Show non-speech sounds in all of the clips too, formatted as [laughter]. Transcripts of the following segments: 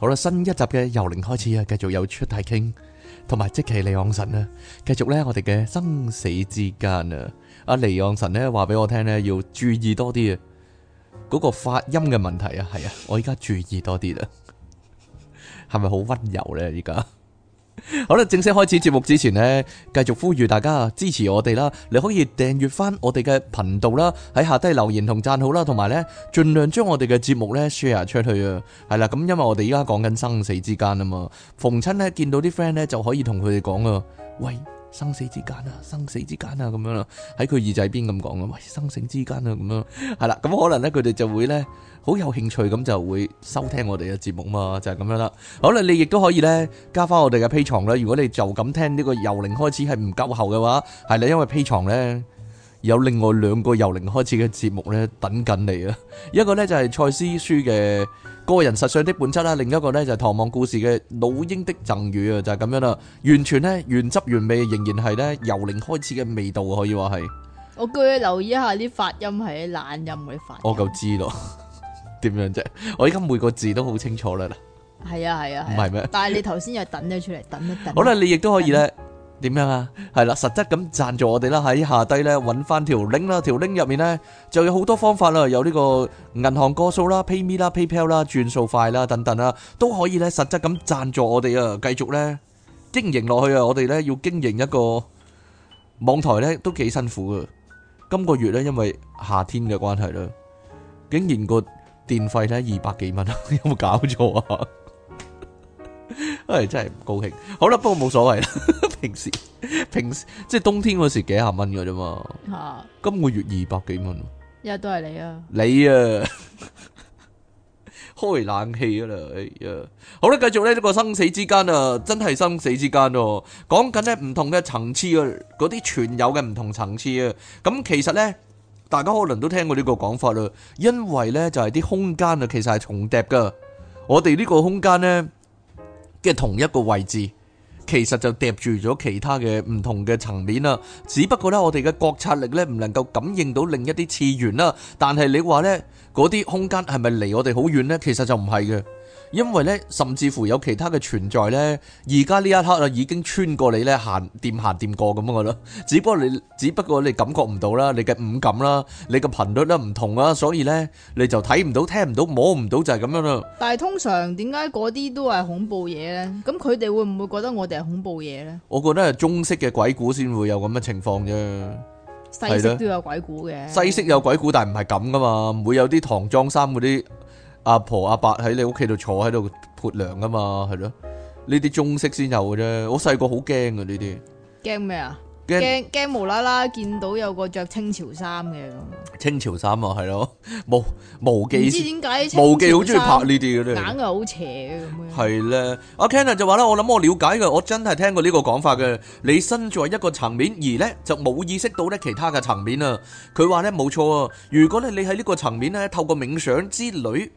好啦，新一集嘅由零開始啊，繼續有出題傾，同埋即係利昂神啊，繼續咧我哋嘅生死之間啊，阿利昂神咧話俾我聽咧，要注意多啲啊，嗰個發音嘅問題啊，係啊，我依家注意多啲啦，係咪好溫柔咧而家？ [laughs] [laughs] 好啦，正式開始節目之前呢，繼續呼籲大家支持我哋啦，你可以訂閱翻我哋嘅頻道啦，喺下低留言同讚好啦，同埋呢盡量將我哋嘅節目呢 share 出去啊，係啦，咁因為我哋而家講緊生死之間啊嘛，逢親呢，見到啲 friend 呢，就可以同佢哋講啊，喂。生死之間啊，生死之間啊，咁樣啦，喺佢耳仔邊咁講啊，喂，生死之間啊，咁樣，係啦，咁、嗯、可能咧佢哋就會咧好有興趣咁就會收聽我哋嘅節目啊嘛，就係、是、咁樣啦。好啦，你亦都可以咧加翻我哋嘅 Patreon 啦。如果你就咁聽呢個由零開始係唔夠後嘅話，係啦，因為 Patreon 咧有另外兩個由零開始嘅節目咧等緊你啊， [laughs] 一個咧就係、是、蔡思書嘅個人實相的本質啦，另一個咧就係《唐望故事》嘅《老鷹的贈語》啊，就係、是、咁樣啦，完全咧原汁原味，仍然係咧由零開始嘅味道，可以話係。我叫你留意一下啲發音係啲懶音嘅發音。我就知咯，點樣啫？我依家每個字都好清楚啦。嗱，係啊係啊，唔係咩？啊啊、是 [laughs] 但係你頭先又等咗出嚟，等一等。 [laughs] 好啦，你亦都可以咧。點樣啊？係啦，實質咁贊助我哋啦，喺下低咧揾翻條 link 啦，條 link 入面咧就有好多方法啦，有呢個銀行個數啦、PayMe 啦、PayPal 啦、轉數快啦等等啦，都可以咧實質咁贊助我哋啊，繼續咧經營落去啊！我哋咧要經營一個網台咧，都幾辛苦噶。今個月咧，因為夏天嘅關係啦，竟然個電費咧二百幾蚊，有冇搞錯啊？唉，真係唔高興。好啦，不過冇所謂啦。平時平時即係冬天嗰時幾廿蚊噶啫嘛，今個月二百幾蚊，一日都係你啊，你啊開冷氣啊啦，哎呀，好啦，繼續咧呢個生死之間啊，真係生死之間哦，講緊咧唔同嘅層次啊，嗰啲全有嘅唔同層次啊，咁其實咧，大家可能都聽過呢個講法啦，因為咧就係啲空間啊，其實係重疊噶，我哋呢個空間咧即係同一個位置。其實就疊住咗其他嘅唔同嘅層面啦，只不過呢，我哋嘅覺察力呢唔能夠感應到另一啲次元啦。但係你話呢嗰啲空間係咪離我哋好遠呢？其實就唔係嘅。因為咧，甚至乎有其他嘅存在咧，而家呢一刻啊，已經穿過你咧，行掂行掂過咁嘅咯。只不過你只不過你感覺唔到啦，你嘅五感啦，你嘅頻率都唔同啦，所以咧你就睇唔到、聽唔到、摸唔到，就係咁樣啦。但係通常點解嗰啲都係恐怖嘢咧？咁佢哋會唔會覺得我哋係恐怖嘢咧？我覺得係中式嘅鬼故先會有咁嘅情況啫，西式都有鬼故嘅。西式有鬼故，但係唔係咁噶嘛，唔會有啲唐裝衫嗰啲。阿婆阿伯喺你屋企度坐喺度潑涼啊嘛，係咯，呢啲中式先有嘅啫，我細個好驚啊，呢啲，驚咩啊？驚驚，無啦啦見到有個着清朝衫嘅咁，清朝衫啊係咯，無無忌，唔知點解，無忌好中意拍呢啲嘅咧，硬係好邪咁樣。係啦，阿 Ken 就話啦，我諗我了解嘅，我真係聽過呢個講法嘅。你身在一個層面，而咧就冇意識到咧其他嘅層面啊。佢話咧冇錯啊，如果咧你喺呢個層面咧透過冥想之旅。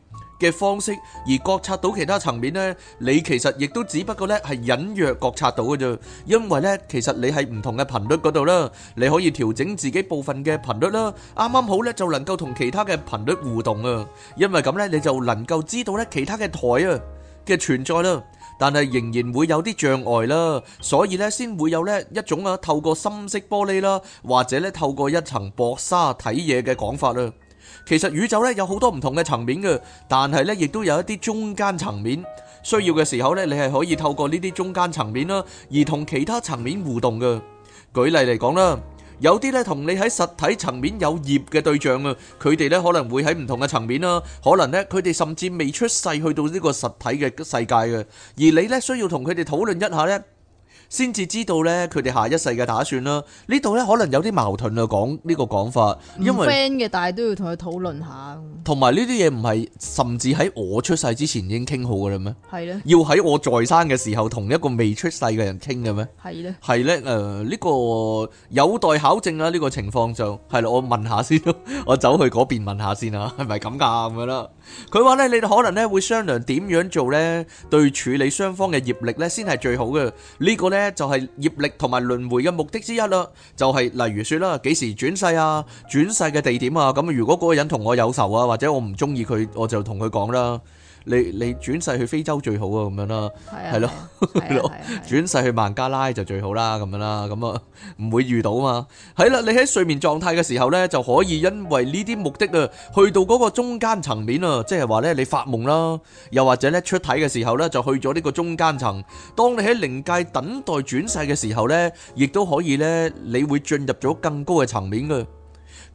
嘅方式而覺察到其他層面呢，你其實亦都只不過呢係隱約覺察到嘅啫，因為呢其實你喺唔同嘅頻率嗰度啦，你可以調整自己部分嘅頻率啦，啱啱好呢就能夠同其他嘅頻率互動啊，因為咁呢你就能夠知道呢其他嘅台啊嘅存在啦，但係仍然會有啲障礙啦，所以呢先會有呢一種啊透過深色玻璃啦，或者呢透過一層薄紗睇嘢嘅講法啦。其實宇宙咧有好多唔同嘅層面嘅，但係咧亦都有一啲中間層面，需要嘅時候咧，你係可以透過呢啲中間層面啦，而同其他層面互動嘅。舉例嚟講啦，有啲咧同你喺實體層面有業嘅對象啊，佢哋咧可能會喺唔同嘅層面啦，可能咧佢哋甚至未出世去到呢個實體嘅世界嘅，而你咧需要同佢哋討論一下咧。先至知道咧，佢哋下一世嘅打算啦。呢度咧可能有啲矛盾啊，講呢個講法。因唔 friend 嘅，但係都要同佢討論下。同埋呢啲嘢唔係甚至喺我出世之前已經傾好㗎喇咩？係咧的。要喺我在生嘅時候同一個未出世嘅人傾嘅咩？係咧的。係咧，誒、呃，呢、這個有待考證啦、啊。呢、這個情況就，係啦，我問下 [laughs] 我先咯，我走去嗰邊問下先啊，係咪咁噶咁樣啦？佢話咧，你哋可能咧會商量點樣做咧，對處理雙方嘅業力咧，先係最好嘅。呢個咧就係業力同埋輪回嘅目的之一啦。就係例如說啦，幾時轉世啊，轉世嘅地點啊。咁如果嗰個人同我有仇啊，或者我唔中意佢，我就同佢講啦。你你，轉世去非洲最好啊，咁樣啦，係咯、啊，係、啊啊、 [laughs] 轉世去孟加拉就最好啦，咁樣啦，咁啊唔會遇到嘛。係啦，你喺睡眠狀態嘅時候呢，就可以因為呢啲目的啊，去到嗰個中間層面啊，即係話呢，你發夢啦，又或者呢，出體嘅時候呢，就去咗呢個中間層。當你喺靈界等待轉世嘅時候呢，亦都可以呢，你會進入咗更高嘅層面嘅。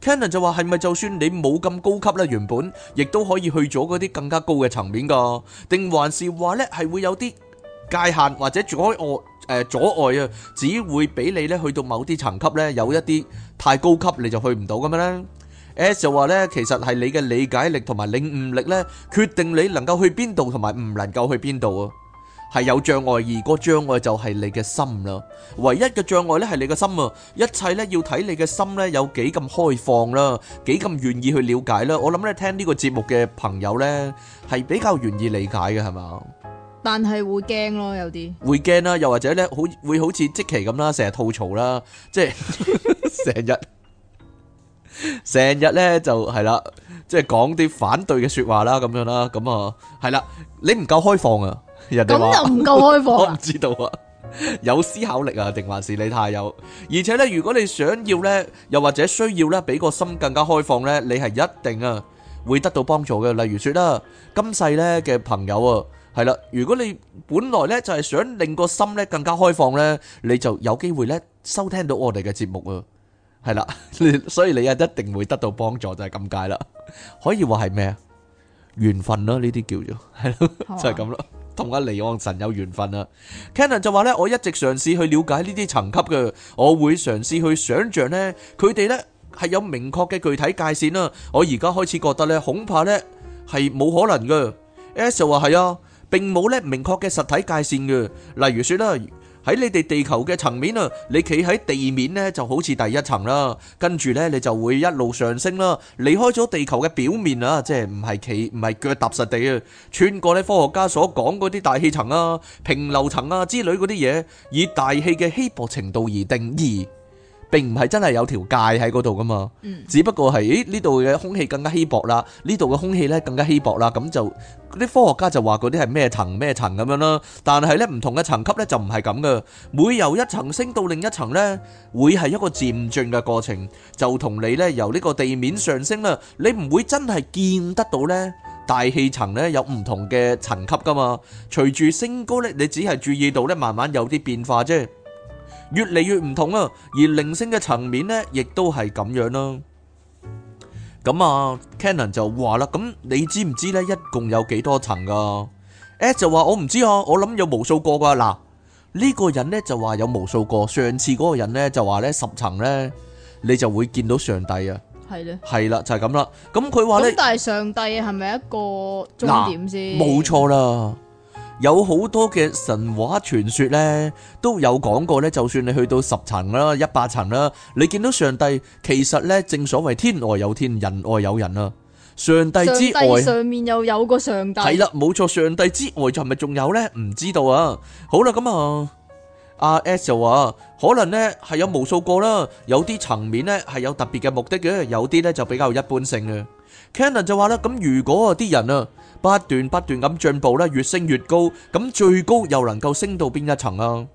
Canon 就話：係咪就算你冇咁高級咧，原本亦都可以去咗嗰啲更加高嘅層面㗎？定還是話咧係會有啲界限或者阻礙？誒阻礙啊，只會俾你咧去到某啲層級咧有一啲太高級你就去唔到咁樣咧？S 就話咧，其實係你嘅理解力同埋領悟力咧，決定你能夠去邊度同埋唔能夠去邊度啊！係有障礙，而個障礙就係你嘅心啦。唯一嘅障礙呢，係你嘅心啊。一切呢要睇你嘅心呢有幾咁開放啦，幾咁願意去了解啦。我諗咧，聽呢個節目嘅朋友呢，係比較願意理解嘅，係嘛？但係會驚咯，有啲會驚啦。又或者呢，好會好似即期咁啦，成日吐槽啦，即係成日成日呢就係啦，即係講啲反對嘅説話啦，咁樣啦，咁啊，係啦，你唔夠開放啊！咁又唔夠開放啊！我唔知道啊，有思考力啊，定還是你太有？而且咧，如果你想要咧，又或者需要咧，俾個心更加開放咧，你係一定啊會得到幫助嘅。例如說啦，今世咧嘅朋友啊，係啦，如果你本來咧就係想令個心咧更加開放咧，你就有機會咧收聽到我哋嘅節目啊，係啦，你所以你啊一定會得到幫助，就係咁解啦，可以話係咩啊？緣分咯，呢啲叫做係咯，就係咁咯。同阿尼安神有緣分啊。Canon 就話咧，我一直嘗試去了解呢啲層級嘅，我會嘗試去想像呢，佢哋呢係有明確嘅具體界線啊，我而家開始覺得呢，恐怕呢係冇可能嘅。Ash 話係啊，並冇呢明確嘅實體界線嘅，例如説咧。喺你哋地球嘅層面啊，你企喺地面咧就好似第一層啦，跟住咧你就會一路上升啦，離開咗地球嘅表面啊，即係唔係企唔係腳踏實地啊，穿過咧科學家所講嗰啲大氣層啊、平流層啊之類嗰啲嘢，以大氣嘅稀薄程度而定義。並唔係真係有條界喺嗰度噶嘛，只不過係，咦呢度嘅空氣更加稀薄啦，呢度嘅空氣咧更加稀薄啦，咁就啲科學家就話嗰啲係咩層咩層咁樣啦。但係咧唔同嘅層級咧就唔係咁噶，每由一層升到另一層咧，會係一個漸進嘅過程，就同你咧由呢個地面上升啦，你唔會真係見得到咧大氣層咧有唔同嘅層級噶嘛。隨住升高咧，你只係注意到咧慢慢有啲變化啫。越嚟越唔同啊，而靈性嘅層面咧，亦都係咁樣啦。咁啊，Canon 就話啦，咁你知唔知咧？一共有幾多層噶？At 就話我唔知啊，我諗有無數個噶。嗱，呢個人咧就話有無數個，上次嗰個人咧就話咧十層咧，你就會見到上帝啊。係咧，係啦，就係咁啦。咁佢話咧，咁但係上帝係咪一個終點先？冇錯啦。有好多嘅神話傳説咧，都有講過咧。就算你去到十層啦、一百層啦，你見到上帝，其實咧正所謂天外有天，人外有人啦。上帝之外，上，上面又有，有個上帝。係啦，冇錯，上帝之外就係咪仲有呢？唔知道啊。好啦，咁啊，阿 S 就話：可能呢係有無數個啦，有啲層面咧係有特別嘅目的嘅，有啲呢就比較一般性嘅。Cannon 就話啦：咁如果啲人啊，不斷不斷咁進步咧，越升越高，咁最高又能夠升到邊一層啊？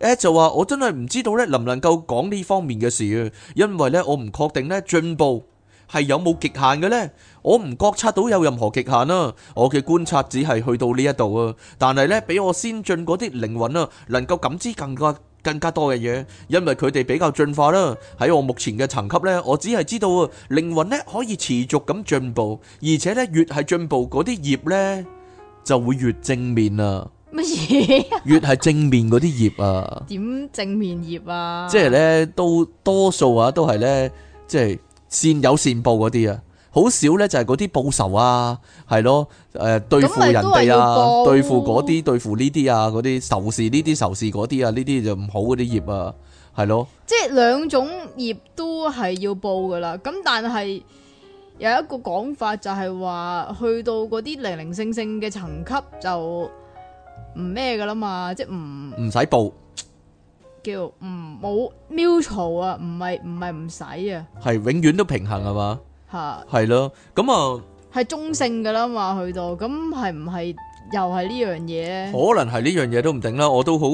誒就話我真係唔知道咧，能唔能夠講呢方面嘅事啊？因為咧，我唔確定咧進步係有冇極限嘅呢，我唔覺察到有任何極限啊。我嘅觀察只係去到呢一度啊，但係咧比我先進嗰啲靈魂啊，能夠感知更加。更加多嘅嘢，因為佢哋比較進化啦。喺我目前嘅層級呢，我只係知道靈魂呢可以持續咁進步，而且呢，越係進步嗰啲業呢，就會越正面啊。乜嘢？越係正面嗰啲業啊？點正面業啊？即係呢，都多數啊，都係呢，即係善有善報嗰啲啊。好少咧，就係嗰啲報仇啊，係咯，誒、呃、對付人哋啊對，對付嗰啲對付呢啲啊，嗰啲仇視呢啲仇視嗰啲啊，呢啲就唔好嗰啲業啊，係咯，即係兩種業都係要報噶啦。咁但係有一個講法就係話去到嗰啲零零星星嘅層級就唔咩噶啦嘛，即係唔唔使報叫唔冇 mutual 啊，唔係唔係唔使啊，係永遠都平衡啊嘛。吓係咯，咁啊係中性噶啦嘛，去到咁係唔係又係呢樣嘢？可能係呢樣嘢都唔定啦，我都好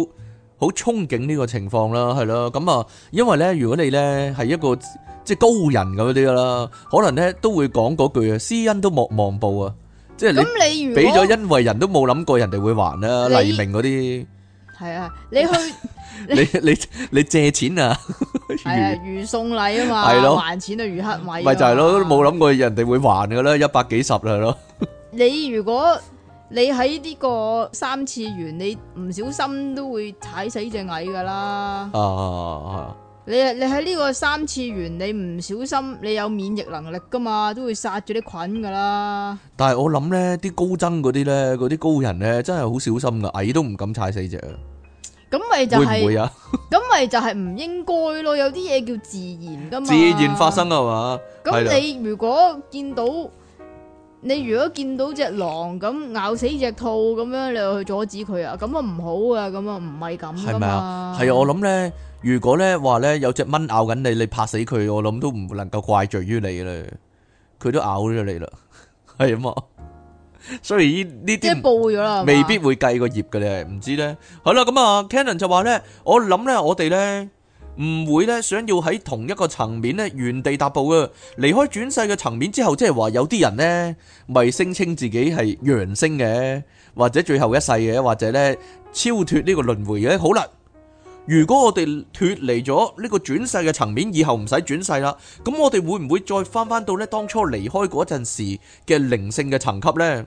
好憧憬呢個情況啦，係咯，咁啊，因為咧，如果你咧係一個即係高人咁嗰啲啦，可能咧都會講嗰句啊，施恩都莫忘報啊，即係你如果俾咗恩惠人都冇諗過人哋會還啊，黎明嗰啲係啊，你去。你你你借錢啊，係 [laughs] 啊，如送禮啊嘛，是咯 還錢如是就如乞米，咪就係咯，冇諗過人哋會還噶啦，一百幾十啦，咯你如果你喺呢個三次元，你唔小心都會踩死隻蟻噶啦啊，啊，你啊，你喺呢個三次元，你唔小心，你有免疫能力噶嘛，都會殺咗啲菌噶啦，但係我諗咧，啲高僧嗰啲咧，嗰啲高人咧，真係好小心噶，蟻都唔敢踩死隻咁咪就係、是，咁咪、啊、就係唔應該咯，有啲嘢叫自然噶嘛，自然發生係嘛。咁你如果見到，的你如果見到隻狼咁咬死隻兔咁樣，你就去阻止佢啊，咁啊唔好啊，咁啊唔係咁係咪？嘛。係我諗咧，如果咧話咧有隻蚊咬緊你，你拍死佢，我諗都唔能夠怪罪於你咧，佢都咬咗你啦，係 [laughs] 嘛。所以呢啲未必會計個業嘅咧，唔知咧。好啦、啊，咁啊 [noise] ，Canon 就話咧，我諗咧，我哋咧唔會咧想要喺同一個層面咧原地踏步嘅。離開轉世嘅層面之後，即係話有啲人咧，咪聲稱自己係揚升嘅，或者最後一世嘅，或者咧超脱呢個輪迴嘅，好啦。如果我哋脫離咗呢個轉世嘅層面，以後唔使轉世啦，咁我哋會唔會再翻翻到咧當初離開嗰陣時嘅靈性嘅層級呢？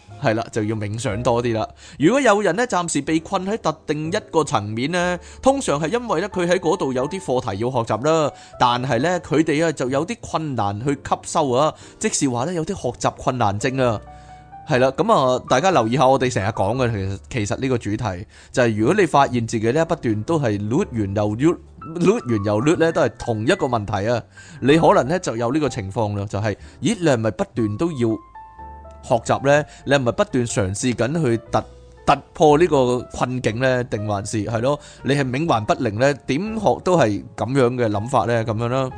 係啦，就要冥想多啲啦。如果有人呢暫時被困喺特定一個層面呢，通常係因為呢佢喺嗰度有啲課題要學習啦，但係呢佢哋啊就有啲困難去吸收啊，即是話呢有啲學習困難症啊。係啦，咁啊，大家留意下我哋成日講嘅，其實其實呢個主題就係，如果你發現自己呢不斷都係 look 完又 look，look 完又 look 呢都係同一個問題啊，你可能呢就有呢個情況啦，就係咦你係咪不斷都要？學習咧，你係咪不斷嘗試緊去突突破呢個困境咧？定還是係咯？你係冥頑不靈咧？點學都係咁樣嘅諗法咧？咁樣啦。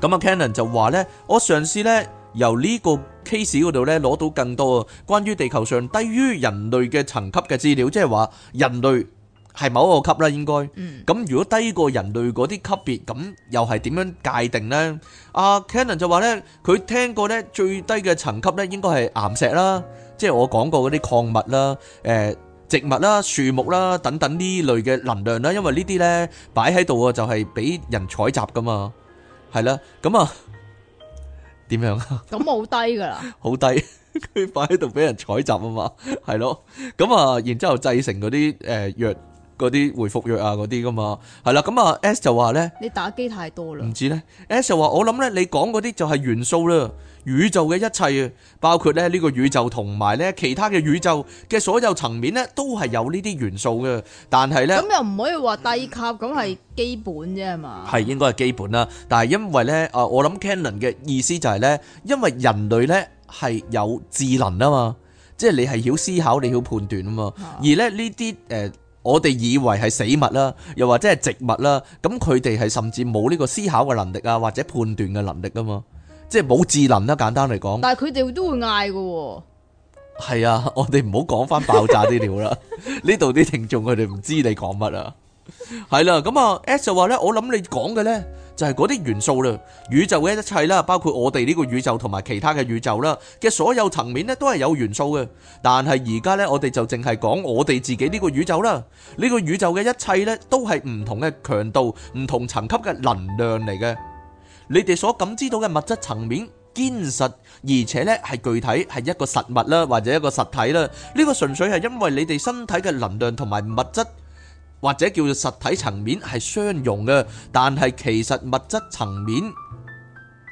咁啊，Cannon 就話咧：我嘗試咧由呢個 case 嗰度咧攞到更多關於地球上低於人類嘅層級嘅資料，即係話人類。係某一個級啦，應該。嗯，咁如果低過人類嗰啲級別，咁又係點樣界定咧？阿 Canon 就話咧，佢聽過咧，最低嘅層級咧，應該係岩石啦，即係我講過嗰啲礦物啦、誒植物啦、樹木啦等等呢類嘅能量啦，因為呢啲咧擺喺度啊，就係俾人採集噶嘛，係啦。咁啊，點樣啊？咁好低噶啦！好低，佢擺喺度俾人採集啊嘛，係咯。咁啊，然之後製成嗰啲誒藥。嗰啲回復藥啊，嗰啲㗎嘛，係啦，咁啊 S 就話咧，你打機太多啦，唔知咧，S 就話我諗咧，你講嗰啲就係元素啦，宇宙嘅一切啊，包括咧呢個宇宙同埋咧其他嘅宇宙嘅所有層面咧，都係有呢啲元素嘅，但係咧，咁又唔可以話低級，咁係基本啫嘛，係應該係基本啦，但係因為咧啊，我諗 Canon 嘅意思就係咧，因為人類咧係有智能啊嘛，即係你係曉思考，你曉判斷啊嘛，而咧呢啲誒。呃我哋以為係死物啦，又或者係植物啦，咁佢哋係甚至冇呢個思考嘅能力啊，或者判斷嘅能力㗎嘛，即係冇智能啦。簡單嚟講，但係佢哋都會嗌㗎喎。係啊，我哋唔好講返爆炸啲料啦。呢度啲聽眾佢哋唔知你講乜啊。係啦，咁啊 S 就話咧，我諗你講嘅咧。就係嗰啲元素啦，宇宙嘅一切啦，包括我哋呢個宇宙同埋其他嘅宇宙啦嘅所有層面咧，都係有元素嘅。但係而家咧，我哋就淨係講我哋自己呢個宇宙啦，呢個宇宙嘅一切咧，都係唔同嘅強度、唔同層級嘅能量嚟嘅。你哋所感知到嘅物質層面堅實，而且咧係具體，係一個實物啦，或者一個實體啦。呢個純粹係因為你哋身體嘅能量同埋物質，或者叫做實體層面係相容嘅。但係其實物質層面，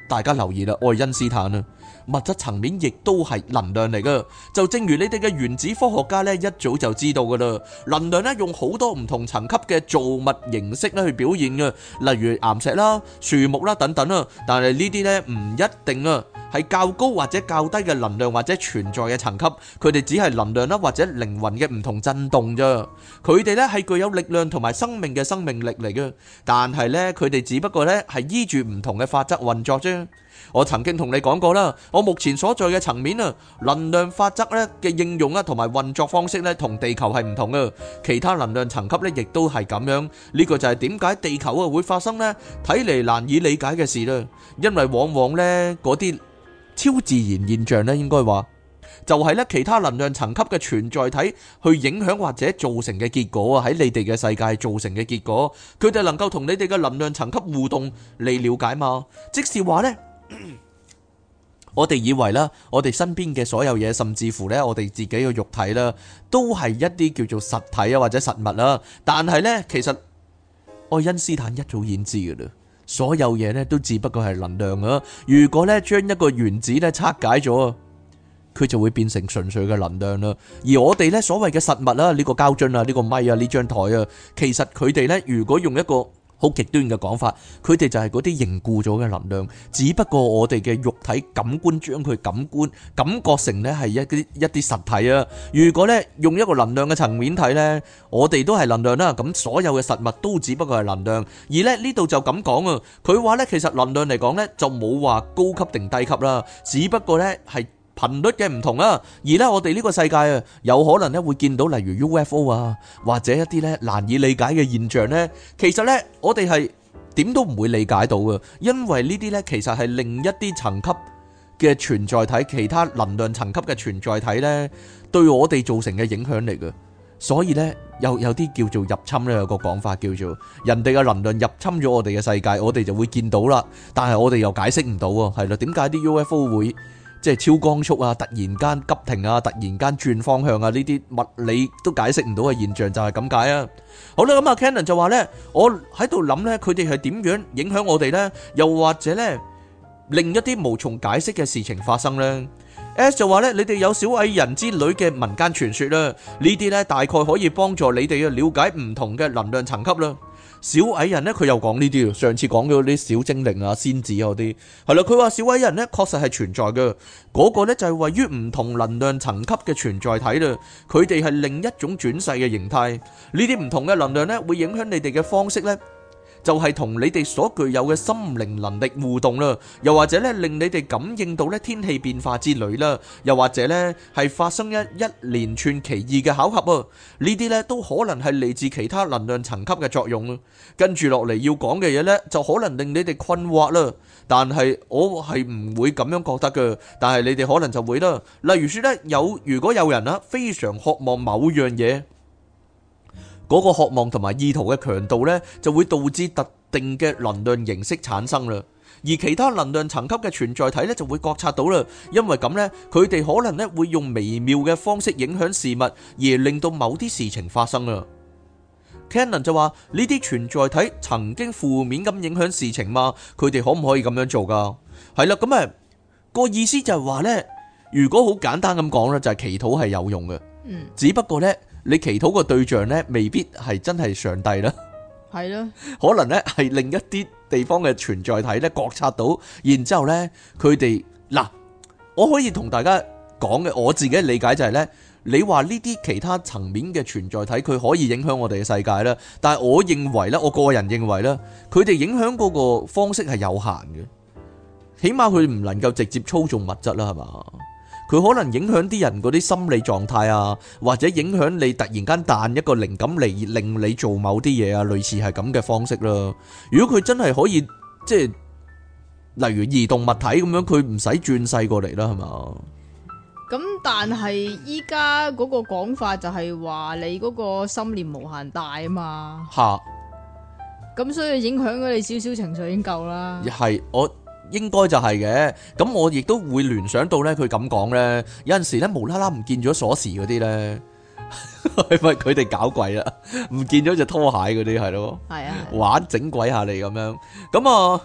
大家留意啦，愛因斯坦啊。物質層面亦都係能量嚟噶就正如你哋嘅原子科學家呢，一早就知道噶啦。能量呢，用好多唔同層級嘅造物形式咧去表現嘅，例如岩石啦、樹木啦等等啊。但係呢啲呢唔一定啊，係較高或者較低嘅能量或者存在嘅層級，佢哋只係能量啦或者靈魂嘅唔同震動啫。佢哋呢係具有力量同埋生命嘅生命力嚟嘅，但係呢佢哋只不過呢係依住唔同嘅法則運作啫。我曾經同你講過啦,我目前所在嘅層面啊,能量法則呢,嘅應用啊,同埋運作方式呢,同地球係唔同嘅,其他能量層級呢,亦都係咁樣,呢個就係點解地球啊,會發生呢?睇嚟難以理解嘅事啦。因為往往呢,嗰啲,超自然現象呢,應該話。就係呢,其他能量層級嘅存在體,去影響或者造成嘅結果啊,喺你哋嘅世界造成嘅結果,佢哋能夠同你哋嘅能量層級互動,你了解嘛。即是話呢,我哋以為呢，我哋身邊嘅所有嘢，甚至乎呢，我哋自己嘅肉體啦，都係一啲叫做實體啊，或者實物啦。但係呢，其實愛因斯坦一早已知噶啦，所有嘢呢都只不過係能量啊。如果呢，將一個原子呢拆解咗，佢就會變成純粹嘅能量啦。而我哋呢所謂嘅實物啦，呢個膠樽啊，呢個咪啊，呢張台啊，其實佢哋呢，如果用一個。好極端嘅講法，佢哋就係嗰啲凝固咗嘅能量，只不過我哋嘅肉體感官將佢感官感覺成呢係一啲一啲實體啊。如果呢用一個能量嘅層面睇呢，我哋都係能量啦，咁所有嘅實物都只不過係能量，而呢呢度就咁講啊，佢話呢其實能量嚟講呢就冇話高級定低級啦，只不過呢係，頻率嘅唔同啊，而咧我哋呢個世界啊，有可能咧會見到例如 UFO 啊，或者一啲咧難以理解嘅現象咧，其實咧我哋係點都唔會理解到嘅，因為呢啲咧其實係另一啲層級嘅存在體，其他能量層級嘅存在體咧對我哋造成嘅影響力嘅，所以咧有有啲叫做入侵咧，有個講法叫做人哋嘅能量入侵咗我哋嘅世界，我哋就會見到啦，但係我哋又解釋唔到喎，係咯，點解啲 UFO 會？即係超光速啊！突然間急停啊！突然間轉方向啊！呢啲物理都解釋唔到嘅現象就係咁解啊！好啦，咁啊 Cannon 就話咧，我喺度諗咧，佢哋係點樣影響我哋咧？又或者咧，另一啲無從解釋嘅事情發生咧？S 就話咧，你哋有小矮人之類嘅民間傳說啦，呢啲咧大概可以幫助你哋去了解唔同嘅能量層級啦。小矮人呢，佢又講呢啲。上次講咗啲小精靈啊、仙子嗰啲係啦。佢話小矮人呢確實係存在嘅，嗰個呢就係位於唔同能量層級嘅存在體啦。佢哋係另一種轉世嘅形態。呢啲唔同嘅能量呢，會影響你哋嘅方式呢。就係同你哋所具有嘅心靈能力互動啦，又或者咧令你哋感應到咧天氣變化之類啦，又或者咧係發生一一連串奇異嘅巧合哦，呢啲咧都可能係嚟自其他能量層級嘅作用。跟住落嚟要講嘅嘢咧，就可能令你哋困惑啦。但係我係唔會咁樣覺得嘅，但係你哋可能就會啦。例如說咧，有如果有人啊非常渴望某樣嘢。嗰個渴望同埋意圖嘅強度呢，就會導致特定嘅能量形式產生啦。而其他能量層級嘅存在體呢，就會覺察到啦。因為咁呢，佢哋可能咧會用微妙嘅方式影響事物，而令到某啲事情發生啊。Cannon 就話：呢啲存在體曾經負面咁影響事情嘛，佢哋可唔可以咁樣做㗎？係啦，咁啊個意思就係話呢，如果好簡單咁講咧，就係祈禱係有用嘅。嗯，只不過呢。你祈禱個對象呢，未必係真係上帝啦，係咯，可能呢係另一啲地方嘅存在體咧，覺察到，然之後咧，佢哋嗱，我可以同大家講嘅，我自己理解就係呢：你話呢啲其他層面嘅存在體，佢可以影響我哋嘅世界啦，但係我認為呢，我個人認為呢，佢哋影響嗰個方式係有限嘅，起碼佢唔能夠直接操縱物質啦，係嘛？佢可能影響啲人嗰啲心理狀態啊，或者影響你突然間彈一個靈感嚟，令你做某啲嘢啊，類似係咁嘅方式啦。如果佢真係可以，即係例如移動物體咁樣，佢唔使轉世過嚟啦，係嘛？咁但係依家嗰個講法就係話你嗰個心念無限大啊嘛。吓，咁所以影響咗你少少情緒已經夠啦。係我。應該就係嘅，咁我亦都會聯想到咧，佢咁講咧，有陣時咧無啦啦唔見咗鎖匙嗰啲咧，係咪佢哋搞鬼啦？唔見咗隻拖鞋嗰啲係咯，係啊，玩整鬼下你咁樣，咁啊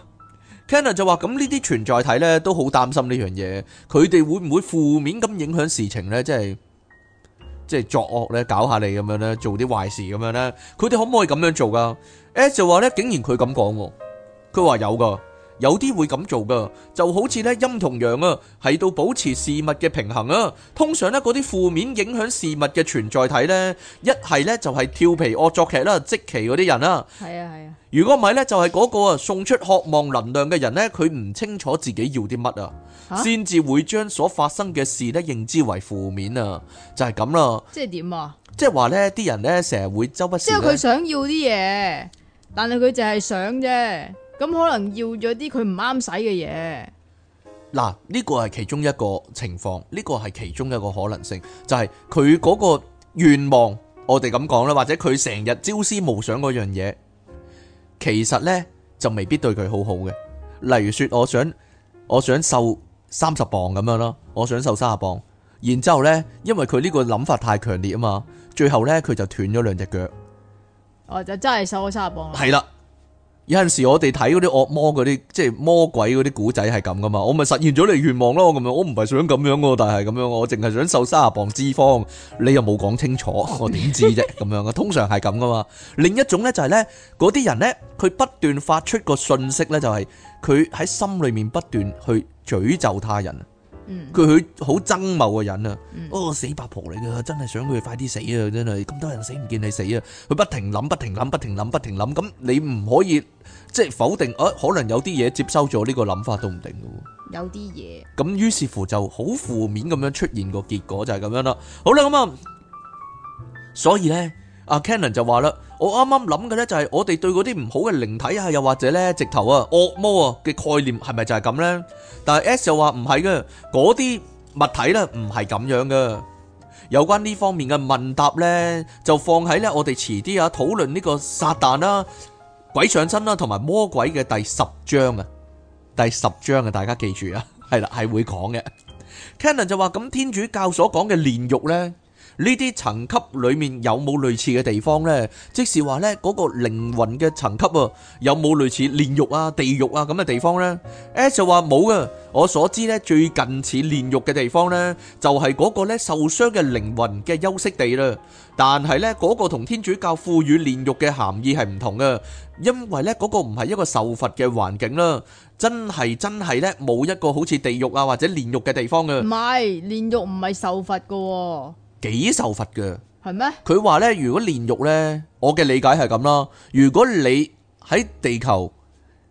，Kenna 就話咁呢啲存在體咧都好擔心呢樣嘢，佢哋會唔會負面咁影響事情咧？即係即係作惡咧，搞下你咁樣咧，做啲壞事咁樣咧，佢哋可唔可以咁樣做噶？誒、欸、就話咧，竟然佢咁講喎，佢話有噶。有啲會咁做噶，就好似咧陰同陽啊，喺度保持事物嘅平衡啊。通常咧，嗰啲負面影響事物嘅存在體咧，一係咧就係調皮惡作劇啦，即其嗰啲人啦。係啊係啊。如果唔係咧，就係嗰個啊送出渴望能量嘅人咧，佢唔清楚自己要啲乜啊，先至會將所發生嘅事咧認知為負面啊，就係咁啦。即係點啊？即係話咧，啲人咧成日會周不時。即係佢想要啲嘢，但係佢淨係想啫。咁可能要咗啲佢唔啱使嘅嘢。嗱，呢個係其中一個情況，呢個係其中一個可能性，就係佢嗰個願望，我哋咁講啦，或者佢成日朝思暮想嗰樣嘢，其實呢，就未必對佢好好嘅。例如說，我想我想瘦三十磅咁樣咯，我想瘦三十磅，然之後呢，因為佢呢個諗法太強烈啊嘛，最後呢，佢就斷咗兩隻腳。我就真係瘦咗三十磅。係啦。有陣時我哋睇嗰啲惡魔嗰啲，即係魔鬼嗰啲古仔係咁噶嘛？我咪實現咗你願望咯，咁樣，我唔係想咁樣噶，但係咁樣，我淨係想瘦三十磅脂肪。你又冇講清楚，我點知啫？咁樣嘅，通常係咁噶嘛。另一種咧就係咧，嗰啲人咧，佢不斷發出個訊息咧，就係佢喺心裏面不斷去詛咒他人。嗯，佢佢好憎某個人啊。哦，個死八婆嚟噶，真係想佢快啲死啊！真係咁多人死唔見你死啊！佢不停諗，不停諗，不停諗，不停諗。咁你唔可以。即係否定，誒可能有啲嘢接收咗呢個諗法都唔定嘅喎，有啲嘢咁，於是乎就好負面咁樣出現，個結果就係咁樣啦。好啦咁啊，所以咧阿 Cannon 就話啦，我啱啱諗嘅咧就係我哋對嗰啲唔好嘅靈體啊，又或者咧直頭啊惡魔啊嘅概念係咪就係咁咧？但係 S 又話唔係嘅，嗰啲物體咧唔係咁樣嘅。有關呢方面嘅問答咧，就放喺咧我哋遲啲啊討論呢個撒旦啦。鬼上身啦，同埋魔鬼嘅第十章啊，第十章啊，大家記住啊，係啦，係會講嘅。Canon 就話：咁天主教所講嘅煉獄咧，呢啲層級裡面有冇類似嘅地方咧？即是話咧，嗰個靈魂嘅層級喎，有冇類似煉獄啊、地獄啊咁嘅地方咧？誒就話冇啊。我所知呢，最近似煉獄嘅地方呢，就係嗰個受傷嘅靈魂嘅休息地。但係呢，嗰個同天主教賦予煉獄嘅含義係唔同。因為呢，嗰個唔係一個受罰嘅環境啦。真係真係呢，冇一個好似地獄啊，或者煉獄嘅地方。唔係,煉獄唔係受罰㗎喎。幾受罰㗎。係咩？佢話呢，如果煉獄呢，我嘅理解係咁啦。如果你，喺地球，真是，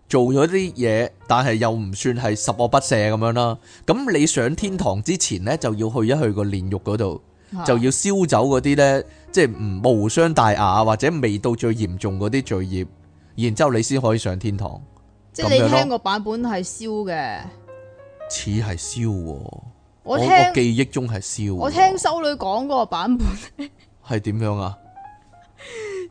做咗啲嘢，但係又唔算係十惡不赦咁樣啦。咁你上天堂之前呢，就要去一去個煉獄嗰度，就要燒走嗰啲呢，即係唔無傷大雅或者未到最嚴重嗰啲罪孽。然之後你先可以上天堂。即係你聽個版本係燒嘅，似係燒。我聽，我記憶中係燒。我聽修女講嗰個版本係點 [laughs] 樣啊？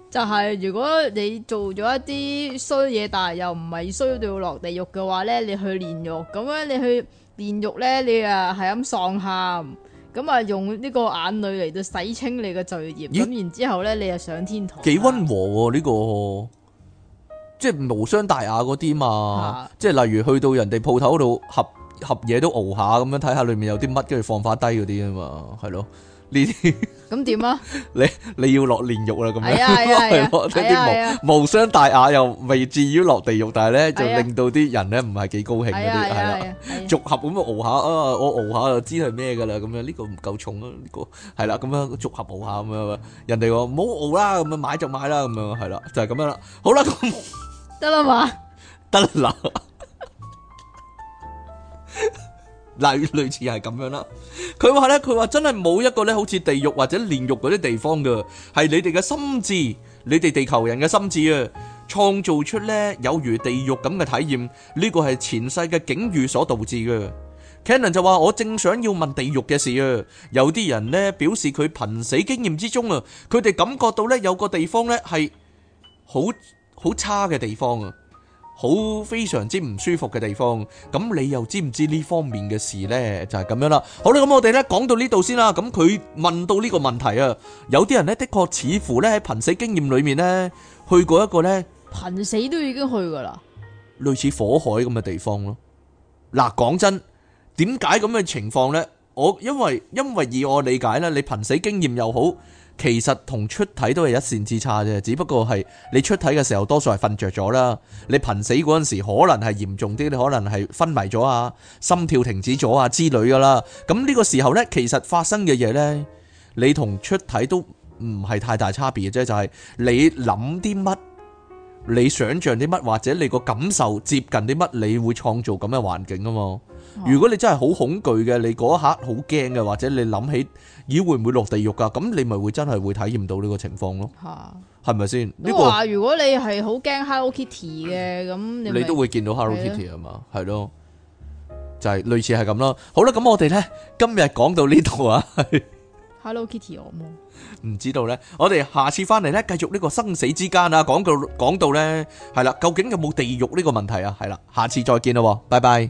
就係如果你做咗一啲衰嘢，但係又唔係衰到落地獄嘅話咧，你去煉獄咁樣，你去煉獄咧，你啊係咁喪喊，咁啊用呢個眼淚嚟到洗清你嘅罪孽。咁咦然之後咧，你又上天堂。幾溫和喎呢、呢個，即係無傷大雅嗰啲嘛，啊、即係例如去到人哋鋪頭嗰度，合合嘢都熬下，咁樣睇下裏面有啲乜，跟住放花低嗰啲啊嘛，係咯，呢啲。咁點啊？你 [laughs] 你要落煉獄啦，咁樣係咯，啲無無傷大雅又未至於落地獄，但係咧就令到啲人咧唔係幾高興嗰啲係啦，逐合咁樣熬下啊，我熬下就知係咩噶啦，咁樣呢個唔夠重啊，呢個係啦，咁樣逐合熬下咁樣，人哋話唔好熬啦，咁樣買就買啦，咁樣係啦，就係咁樣啦，好啦，得啦嘛，得啦 [laughs] 吧。 [laughs] 類類似係咁樣啦，佢話咧，佢話真係冇一個咧，好似地獄或者煉獄嗰啲地方嘅，係你哋嘅心智，你哋地球人嘅心智啊，創造出咧有如地獄咁嘅體驗，呢個係前世嘅境遇所導致嘅。Canon 就話：我正想要問地獄嘅事啊，有啲人咧表示佢瀕死經驗之中啊，佢哋感覺到咧有個地方咧係好好差嘅地方啊。好非常之唔舒服嘅地方，咁你又知唔知呢方面嘅事呢？就係咁樣啦。好啦，咁我哋呢講到呢度先啦。咁佢問到呢個問題啊，有啲人呢的確似乎呢喺瀕死經驗裏面呢去過一個呢，瀕死都已經去噶啦，類似火海咁嘅地方咯。嗱，講真，點解咁嘅情況呢？我因為因為以我理解呢，你瀕死經驗又好。其實同出體都係一綫之差啫，只不過係你出體嘅時候，多數係瞓着咗啦。你瀕死嗰陣時，可能係嚴重啲，你可能係昏迷咗啊，心跳停止咗啊之類噶啦。咁呢個時候呢，其實發生嘅嘢呢，你同出體都唔係太大差別嘅啫，就係你諗啲乜，你想象啲乜，或者你個感受接近啲乜，你會創造咁嘅環境啊嘛。如果你真係好恐懼嘅，你嗰一刻好驚嘅，或者你諗起。咦會唔會落地獄噶？咁你咪會真係會體驗到呢個情況咯。吓，係咪先？我話如果你係好驚 Hello Kitty 嘅，咁你都會見到 Hello Kitty 啊嘛。係咯，就係類似係咁咯。好啦，咁我哋咧今日講到呢度啊。Hello Kitty，我冇。唔知道咧，我哋下次翻嚟咧，繼續呢個生死之間啊，講到講到咧，係啦，究竟有冇地獄呢個問題啊？係啦，下次再見啦，拜拜。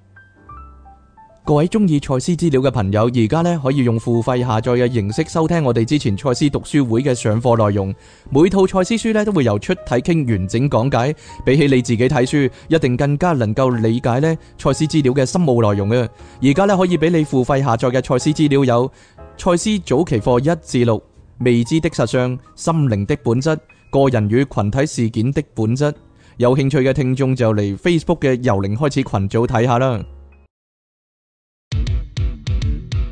各位中意賽斯資料嘅朋友，而家咧可以用付費下載嘅形式收聽我哋之前賽斯讀書會嘅上課內容。每套賽斯書咧都會由出體傾完整講解，比起你自己睇書，一定更加能夠理解咧賽斯資料嘅深奧內容嘅。而家咧可以俾你付費下載嘅賽斯資料有賽斯早期課一至六、未知的實相、心靈的本質、個人與群體事件的本質。有興趣嘅聽眾就嚟 Facebook 嘅由零開始群組睇下啦。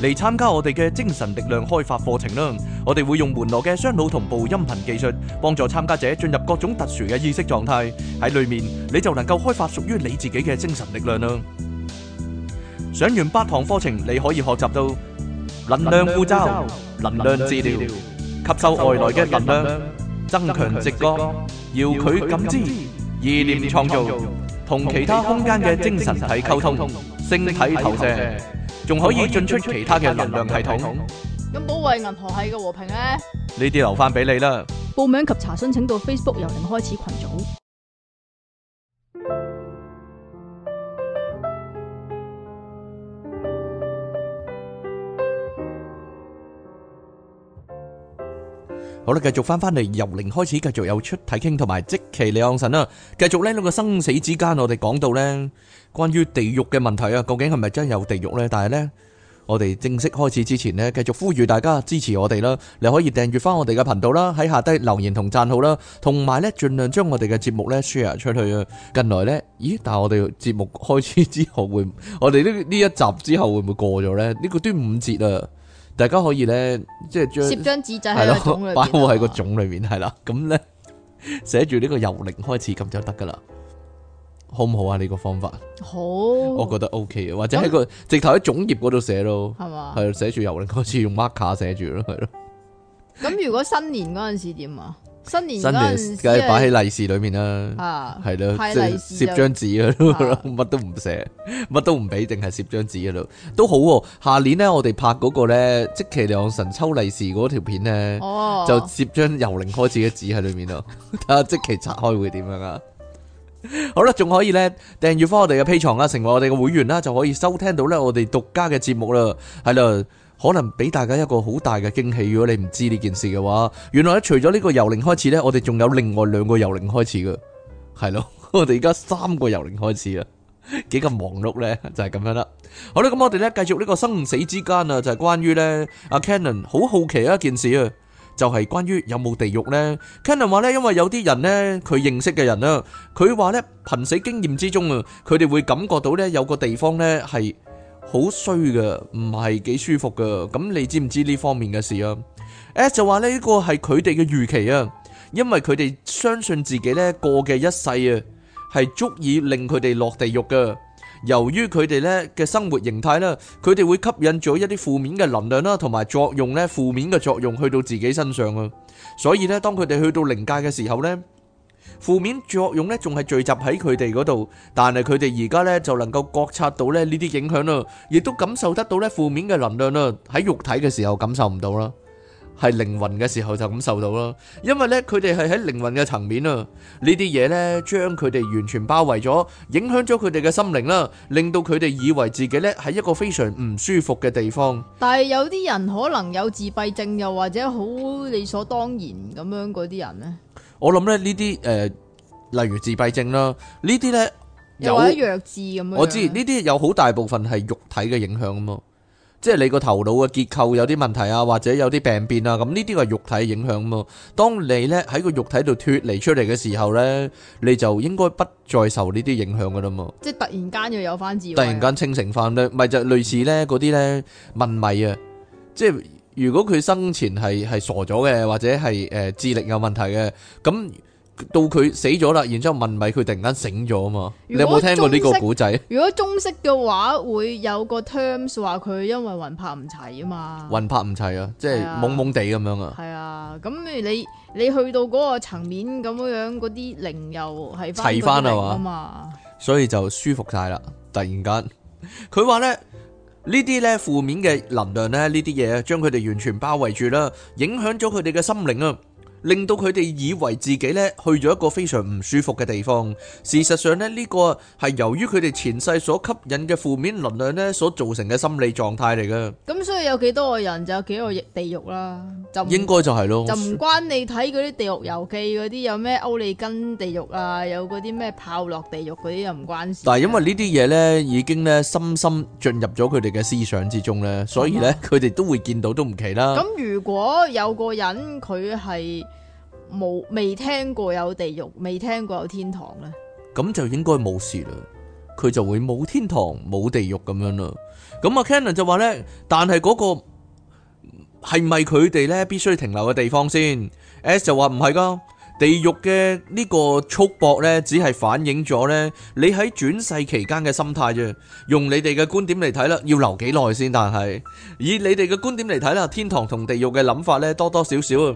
嚟參加我哋嘅精神力量開發課程啦！我哋會用門羅嘅雙腦同步音頻技術，幫助參加者進入各種特殊嘅意識狀態。喺裏面你就能夠開發屬於你自己嘅精神力量啦！上完八堂課程，你可以學習到能量護罩、能量治療、吸收外來嘅能量、增強直覺、遙距感知、意念創造、同其他空間嘅精神體溝通、星體投射。仲可以進出其他嘅能量系統。咁保衞銀河系嘅和平咧？呢啲留翻俾你啦。報名及查詢請到 Facebook 由零開始群組。我哋繼續翻翻嚟，由零開始，繼續有出體傾，同埋即期李安臣啦。繼續呢，呢個生死之間，我哋講到呢關於地獄嘅問題啊，究竟係咪真有地獄呢？但係呢，我哋正式開始之前呢，繼續呼籲大家支持我哋啦。你可以訂閱翻我哋嘅頻道啦，喺下低留言同讚好啦，同埋呢盡量將我哋嘅節目呢 share 出去啊。近來呢，咦？但係我哋節目開始之後會，我哋呢呢一集之後會唔會過咗呢？呢個端午節啊！大家可以咧，即係將折張紙仔喺個擺喺個種裏面係啦。咁咧寫住呢個由零開始咁就得噶啦，好唔好啊？呢、呢個方法好，我覺得 O K 嘅，或者喺個那直頭喺種葉嗰度寫咯，係嘛吧，係寫住由零開始用 marker 寫住咯，係咯。咁如果新年嗰陣時點啊？ [laughs] 新年嗰陣梗係擺喺利是裏面啦，係咯、啊，了即係攝張紙嗰度乜都唔寫，乜都唔俾，定係攝張紙喺度都好、啊。下年咧，我哋拍嗰個咧，即其兩神抽利是嗰條片咧，哦、就攝張由零開始嘅紙喺裏面啊！啊， [laughs] 即其拆開會點樣啊？好啦，仲可以咧，訂閱翻我哋嘅 Patreon 啦，成為我哋嘅會員啦，就可以收聽到咧我哋獨家嘅節目啦，係咯。可能俾大家一個好大嘅驚喜，如果你唔知呢件事嘅話，原來咧，除咗呢個由零開始呢，我哋仲有另外兩個由零開始嘅，係咯，我哋而家三個由零開始啊，幾咁忙碌呢，就係咁樣啦。好啦，咁我哋呢，繼續呢個生死之間啊，就係關於呢阿 Canon 好好奇一件事啊，就係關於有冇地獄呢。Canon 話呢，因為有啲人呢，佢認識嘅人啦，佢話呢，瀕死經驗之中啊，佢哋會感覺到呢，有個地方呢係。好衰嘅，唔係幾舒服嘅。咁你知唔知呢方面嘅事啊？誒，就話呢個係佢哋嘅預期啊，因為佢哋相信自己呢過嘅一世啊，係足以令佢哋落地獄嘅。由於佢哋呢嘅生活形態啦，佢哋會吸引咗一啲負面嘅能量啦，同埋作用呢，負面嘅作用去到自己身上啊。所以呢，當佢哋去到靈界嘅時候呢。負面作用咧，仲係聚集喺佢哋嗰度，但係佢哋而家咧，就能夠覺察到咧呢啲影響啦，亦都感受得到咧負面嘅能量啦。喺肉體嘅時候感受唔到啦，係靈魂嘅時候就感受到啦。因為咧佢哋係喺靈魂嘅層面啊，呢啲嘢咧將佢哋完全包圍咗，影響咗佢哋嘅心靈啦，令到佢哋以為自己咧喺一個非常唔舒服嘅地方。但係有啲人可能有自閉症，又或者好理所當然咁樣嗰啲人呢，我諗咧呢啲，誒、呃，例如自閉症啦，呢啲咧有弱智咁樣。我知呢啲有好大部分係肉體嘅影響啊嘛，即係你個頭腦嘅結構有啲問題啊，或者有啲病變啊，咁呢啲係肉體影響啊嘛。當你咧喺個肉體度脫離出嚟嘅時候咧，你就應該不再受呢啲影響噶啦嘛。即係突然間又有翻智，突然間清醒翻咧，咪就類似咧嗰啲咧問米啊，即係。如果佢生前係係傻咗嘅，或者係誒、呃、智力有問題嘅，咁到佢死咗啦，然之後問米佢突然間醒咗啊嘛？你有冇聽過呢個古仔？如果中式嘅話，會有個 terms 話佢因為魂魄唔齊啊嘛。魂魄唔齊啊，即係懵懵地咁樣啊。係啊，咁譬如你你去到嗰個層面咁樣樣，嗰啲靈又係翻佢靈啊嘛。所以就舒服晒啦，突然間佢話咧。 [laughs] 呢啲咧負面嘅能量咧，呢啲嘢啊，將佢哋完全包圍住啦，影響咗佢哋嘅心靈啊！令到佢哋以為自己咧去咗一個非常唔舒服嘅地方，事實上咧呢個係由於佢哋前世所吸引嘅負面能量咧所造成嘅心理狀態嚟噶。咁所以有幾多個人就有幾個地獄啦，就應該就係咯，就唔關你睇嗰啲地獄遊記嗰啲有咩歐利根地獄啊，有嗰啲咩炮落地獄嗰啲又唔關事。但係因為呢啲嘢咧已經咧深深進入咗佢哋嘅思想之中咧，所以咧佢哋都會見到都唔奇啦。咁如果有個人佢係。冇，未聽過有地獄，未聽過有天堂咧。咁就應該冇事啦。佢就會冇天堂、冇地獄咁樣啦。咁啊，Cannon 就話咧，但係嗰個係咪佢哋咧必須停留嘅地方先？S 就話唔係噶，地獄嘅呢個束縛咧，只係反映咗咧你喺轉世期間嘅心態啫。用你哋嘅觀點嚟睇啦，要留幾耐先？但係以你哋嘅觀點嚟睇啦，天堂同地獄嘅諗法咧，多多少少啊。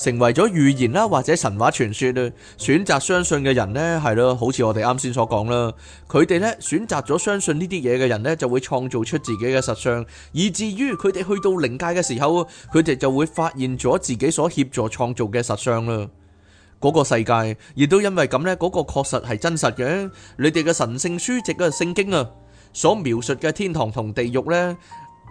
成為咗預言啦，或者神話傳說啊，選擇相信嘅人呢，係咯，好似我哋啱先所講啦，佢哋呢，選擇咗相信呢啲嘢嘅人呢，就會創造出自己嘅實相，以至於佢哋去到靈界嘅時候，佢哋就會發現咗自己所協助創造嘅實相啦，嗰個世界，亦都因為咁呢，嗰個確實係真實嘅，你哋嘅神聖書籍嘅聖經啊，所描述嘅天堂同地獄呢。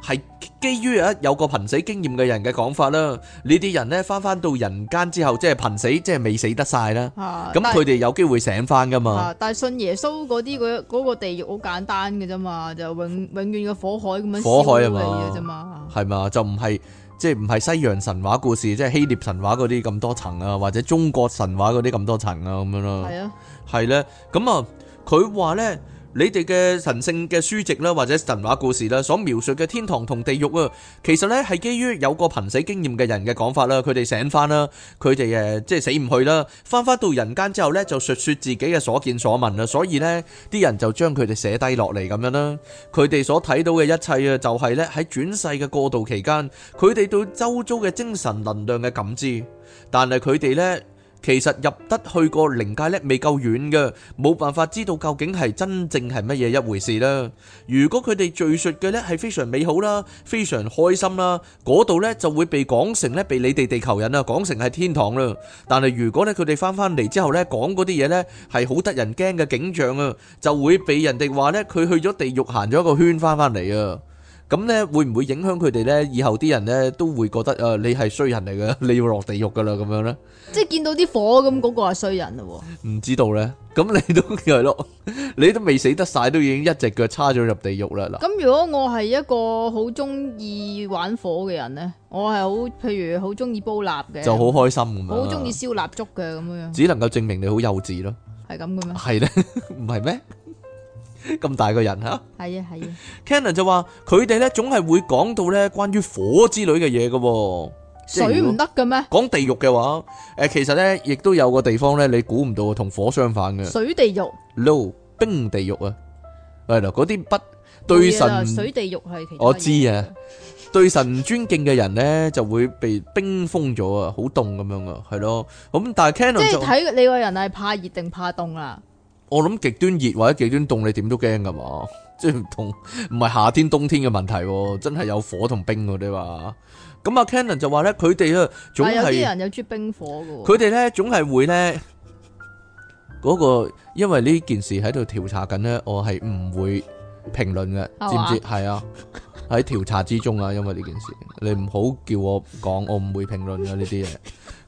係基於啊，有個瀕死經驗嘅人嘅講法啦，呢啲人咧，翻翻到人間之後，即係瀕死，即係未死得晒啦。咁佢哋有機會醒翻噶嘛？但係信耶穌嗰啲，個地獄好簡單嘅啫嘛，就永永遠嘅火海咁樣燒，火海嘅啫嘛。係嘛，就唔係，即係唔係西洋神話故事，即係希臘神話嗰啲咁多層啊，或者中國神話嗰啲咁多層啊咁樣咯。係啊，係咧，咁啊，佢話咧。你哋嘅神聖嘅書籍啦，或者神話故事啦，所描述嘅天堂同地獄啊，其實呢係基於有個瀕死經驗嘅人嘅講法啦。佢哋醒翻啦，佢哋誒即係死唔去啦，翻翻到人間之後呢，就述說自己嘅所見所聞啦。所以呢啲人就將佢哋寫低落嚟咁樣啦。佢哋所睇到嘅一切啊，就係呢喺轉世嘅過渡期間，佢哋對周遭嘅精神能量嘅感知。但係佢哋呢。其實入得去個靈界呢，未夠遠嘅，冇辦法知道究竟係真正係乜嘢一回事啦。如果佢哋敘述嘅呢，係非常美好啦，非常開心啦，嗰度呢就會被講成呢，被你哋地球人啊講成係天堂啦。但係如果呢，佢哋翻返嚟之後呢，講嗰啲嘢呢，係好得人驚嘅景象啊，就會俾人哋話呢，佢去咗地獄行咗一個圈翻返嚟啊。咁咧，會唔會影響佢哋咧？以後啲人咧都會覺得誒，你係衰人嚟嘅，你要落地獄嘅啦，咁樣咧。即係見到啲火咁，嗰個係衰人咯。唔知道咧，咁你都係咯，你都未死得曬，都已經一隻腳叉咗入地獄啦。嗱，咁如果我係一個好中意玩火嘅人咧，我係好，譬如好中意煲蠟嘅，就好開心咁，好中意燒蠟燭嘅咁樣。只能夠證明你好幼稚咯。係咁嘅咩？係咧，唔係咩？咁大個人吓，係啊，係啊，Canon 就話佢哋咧總係會講到咧關於火之類嘅嘢嘅喎，水唔得嘅咩？講地獄嘅話，誒其實咧亦都有個地方咧，你估唔到同火相反嘅水地獄，No 冰地獄啊，係啦，嗰啲不對神水地獄係我知啊， [laughs] 對神尊敬嘅人咧就會被冰封咗啊，好凍咁樣啊，係咯，咁但係 Canon 即係睇你個人係怕熱定怕凍啊？我諗極端熱或者極端凍，你點都驚噶嘛？即係唔同，唔係夏天冬天嘅問題，真係有火同冰嗰啲嘛。你話，咁阿 Cannon 就話咧，佢哋啊總係，但係有啲人有冰火噶。佢哋咧總係會咧嗰、嗰個，因為呢件事喺度調查緊咧，我係唔會評論嘅，知唔知？係啊，喺調、啊、查之中啊，因為呢件事，你唔好叫我講，我唔會評論嘅呢啲嘢。 [laughs]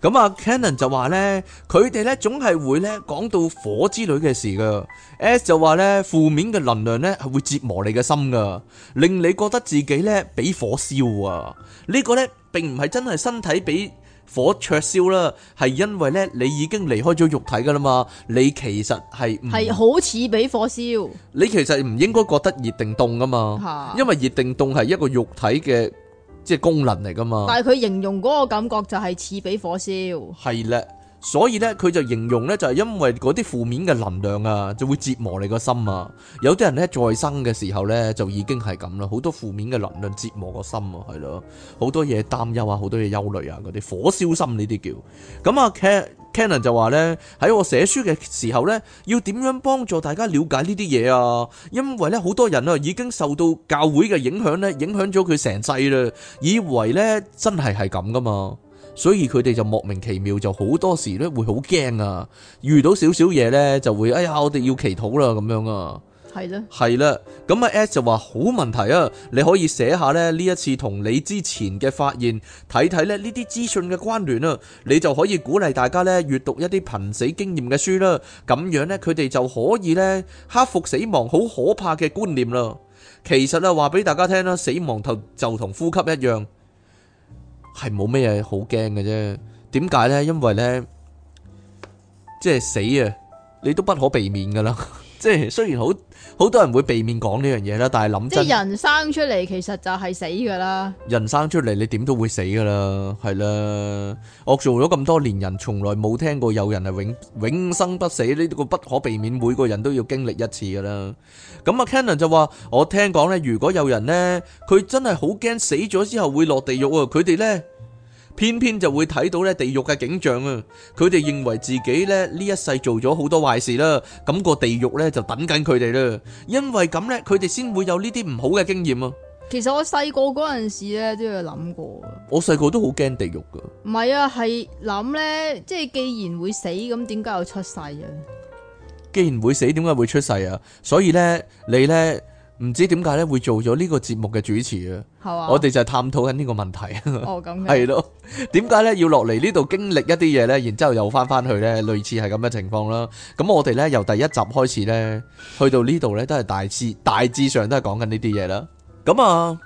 咁啊，Canon 就話咧，佢哋咧總係會咧講到火之類嘅事噶。S 就話咧，負面嘅能量咧係會折磨你嘅心噶，令你覺得自己咧俾火燒啊。呢、呢個咧並唔係真係身體俾火灼燒啦，係因為咧你已經離開咗肉體噶啦嘛，你其實係唔係好似俾火燒，你其實唔應該覺得熱定凍噶嘛，因為熱定凍係一個肉體嘅。即係功能嚟噶嘛，但係佢形容嗰個感覺就係似俾火燒，係啦。所以咧，佢就形容咧，就係因為嗰啲負面嘅能量啊，就會折磨你個心啊。有啲人咧，在生嘅時候咧，就已經係咁啦，好多負面嘅能量折磨個心啊，係咯，好多嘢擔憂啊，好多嘢憂慮啊，嗰啲火燒心呢啲叫。咁啊，Cannon 就話咧，喺我寫書嘅時候咧，要點樣幫助大家了解呢啲嘢啊？因為咧，好多人啊已經受到教會嘅影響咧，影響咗佢成世啦，以為咧真係係咁噶嘛。所以佢哋就莫名其妙，就好多時咧會好驚啊！遇到少少嘢呢就會哎呀，我哋要祈禱啦咁樣啊。係啦的，係啦。咁啊，S 就話好問題啊！你可以寫下咧呢一次同你之前嘅發現，睇睇咧呢啲資訊嘅關聯啊，你就可以鼓勵大家呢閱讀一啲瀕死經驗嘅書啦。咁樣呢，佢哋就可以呢克服死亡好可怕嘅觀念啦。其實啊，話俾大家聽啦，死亡同就同呼吸一樣。係冇咩嘢好驚嘅啫，點解咧？因為咧，即係死啊，你都不可避免噶啦。 [laughs] 即係雖然好好多人會避免講呢樣嘢啦，但係諗真，即係人生出嚟其實就係死㗎啦。人生出嚟你點都會死㗎啦，係啦。我做咗咁多年人，從來冇聽過有人係永永生不死呢個不可避免，每個人都要經歷一次㗎啦。咁啊，Canon 就話：我聽講咧，如果有人咧，佢真係好驚死咗之後會落地獄啊！佢哋咧。偏偏就會睇到咧地獄嘅景象啊！佢哋認為自己咧呢一世做咗好多壞事啦，咁個地獄咧就等緊佢哋啦。因為咁咧，佢哋先會有呢啲唔好嘅經驗啊！其實我細個嗰陣時咧都有諗過，我細個都好驚地獄噶。唔係啊，係諗咧，即係既然會死，咁點解又出世啊？既然會死，點解會出世啊？所以咧，你咧。唔知點解咧會做咗呢個節目嘅主持啊？係嘛？我哋就係探討緊呢個問題。 [laughs] 哦，係咯，點解呢？要落嚟呢度經歷一啲嘢呢？然之後又翻翻去呢，類似係咁嘅情況啦。咁我哋呢，由第一集開始呢，去到呢度呢，都係大致大致上都係講緊呢啲嘢啦。咁 [laughs] 啊。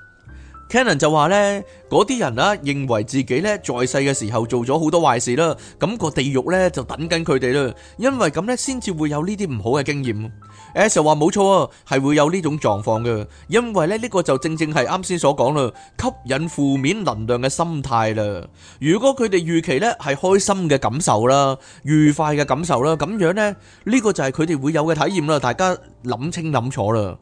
Canon 就話咧，嗰啲人啊，認為自己咧在世嘅時候做咗好多壞事啦，咁個地獄咧就等緊佢哋啦，因為咁咧先至會有呢啲唔好嘅經驗。S 話冇錯啊，係會有呢種狀況嘅，因為咧呢個就正正係啱先所講啦，吸引負面能量嘅心態啦。如果佢哋預期咧係開心嘅感受啦，愉快嘅感受啦，咁樣咧，呢個就係佢哋會有嘅體驗啦。大家諗清諗楚啦。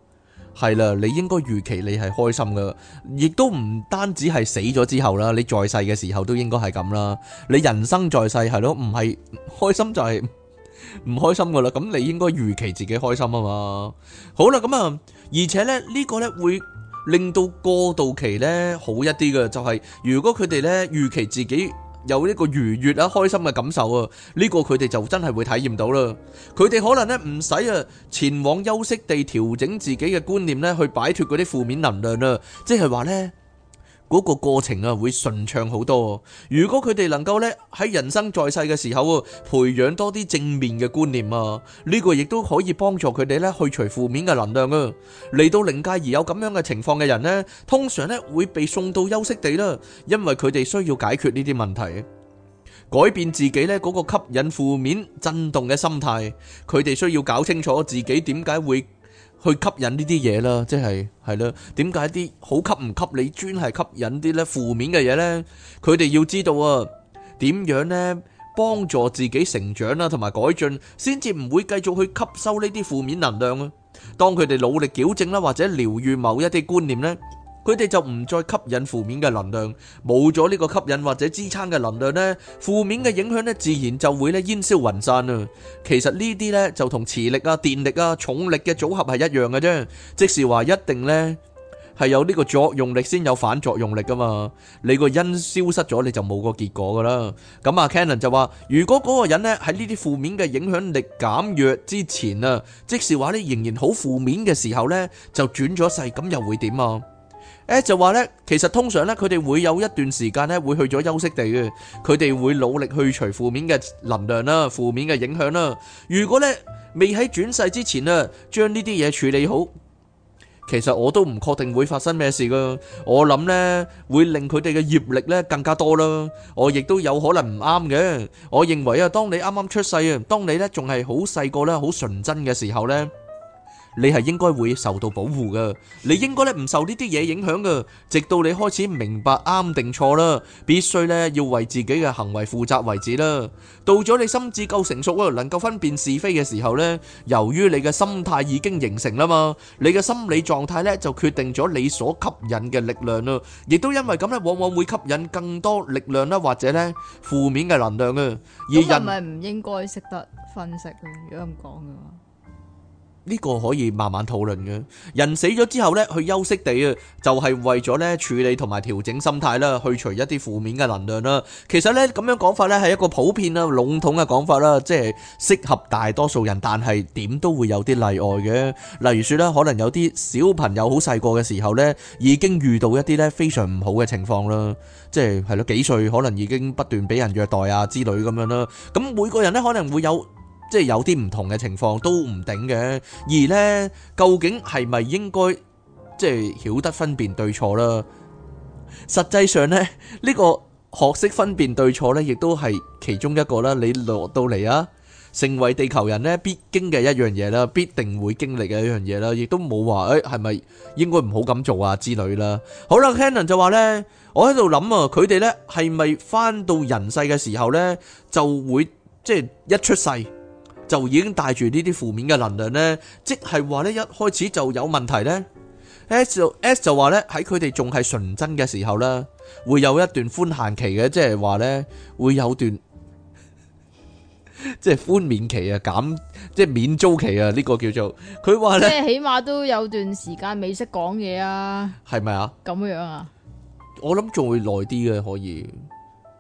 係啦，你應該預期你係開心噶，亦都唔單止係死咗之後啦，你在世嘅時候都應該係咁啦。你人生在世係咯，唔係開心就係唔開心噶啦。咁你應該預期自己開心啊嘛。好啦，咁啊，而且咧呢個咧會令到過渡期咧好一啲嘅，就係、是、如果佢哋咧預期自己。有呢個愉悅啊、開心嘅感受啊，呢個佢哋就真係會體驗到啦。佢哋可能咧唔使啊前往休息地調整自己嘅觀念咧，去擺脱嗰啲負面能量啊，即係話咧。嗰個過程啊，會順暢好多。如果佢哋能夠咧喺人生在世嘅時候培養多啲正面嘅觀念啊，呢個亦都可以幫助佢哋咧去除負面嘅能量啊。嚟到靈界而有咁樣嘅情況嘅人咧，通常咧會被送到休息地啦，因為佢哋需要解決呢啲問題，改變自己咧嗰個吸引負面震動嘅心態。佢哋需要搞清楚自己點解會。去吸引呢啲嘢啦，即係係啦。點解啲好吸唔吸你，專係吸引啲呢負面嘅嘢呢？佢哋要知道啊，點樣呢幫助自己成長啦，同埋改進，先至唔會繼續去吸收呢啲負面能量啊。當佢哋努力矯正啦，或者療癒某一啲觀念呢。佢哋就唔再吸引負面嘅能量，冇咗呢個吸引或者支撐嘅能量呢，負面嘅影響咧自然就會咧煙消雲散啊。其實呢啲呢，就同磁力啊、電力啊、重力嘅組合係一樣嘅啫。即是話一定呢係有呢個作用力先有反作用力噶嘛。你個因消失咗，你就冇個結果噶啦。咁啊 Cannon 就話：如果嗰個人呢喺呢啲負面嘅影響力減弱之前啊，即是話你仍然好負面嘅時候呢，就轉咗世，咁又會點啊？誒，就話呢，其實通常呢，佢哋會有一段時間呢，會去咗休息地嘅，佢哋會努力去除負面嘅能量啦，負面嘅影響啦。如果呢未喺轉世之前啊，將呢啲嘢處理好，其實我都唔確定會發生咩事㗎。我諗呢會令佢哋嘅業力呢更加多啦。我亦都有可能唔啱嘅。我認為啊，當你啱啱出世啊，當你呢仲係好細個呢，好純真嘅時候呢。你係應該會受到保護噶，你應該咧唔受呢啲嘢影響噶，直到你開始明白啱定錯啦，必須咧要為自己嘅行為負責為止啦。到咗你心智夠成熟啊，能夠分辨是非嘅時候呢，由於你嘅心態已經形成啦嘛，你嘅心理狀態呢，就決定咗你所吸引嘅力量啦，亦都因為咁呢往往會吸引更多力量啦，或者呢負面嘅能量啊。咁係咪唔應該識得分析啊？如果咁講嘅話？呢個可以慢慢討論嘅。人死咗之後呢，去休息地啊，就係、是、為咗呢，處理同埋調整心態啦，去除一啲負面嘅能量啦。其實呢，咁樣講法呢係一個普遍啊籠統嘅講法啦，即係適合大多數人，但係點都會有啲例外嘅。例如說呢，可能有啲小朋友好細個嘅時候呢，已經遇到一啲呢，非常唔好嘅情況啦，即係係咯幾歲可能已經不斷俾人虐待啊之類咁樣啦。咁每個人呢可能會有。即係有啲唔同嘅情況都唔頂嘅，而呢究竟係咪應該即係曉得分辨對錯啦？實際上呢，呢個學識分辨對錯呢，亦都係其中一個啦。你落到嚟啊，成為地球人呢，必經嘅一樣嘢啦，必定會經歷嘅一樣嘢啦，亦都冇話誒係咪應該唔好咁做啊之類啦。好啦，Cannon 就話呢，我喺度諗啊，佢哋呢係咪返到人世嘅時候呢就會即係一出世？就已經帶住呢啲負面嘅能量呢，即係話呢，一開始就有問題呢。S 就 S 就話呢，喺佢哋仲係純真嘅時候呢，會有一段寬限期嘅，即係話呢，會有段 [laughs] 即係寬免期啊，減即係免租期啊，呢、呢個叫做佢話呢，即係起碼都有段時間未識講嘢啊，係咪啊？咁樣啊？我諗仲會耐啲嘅，可以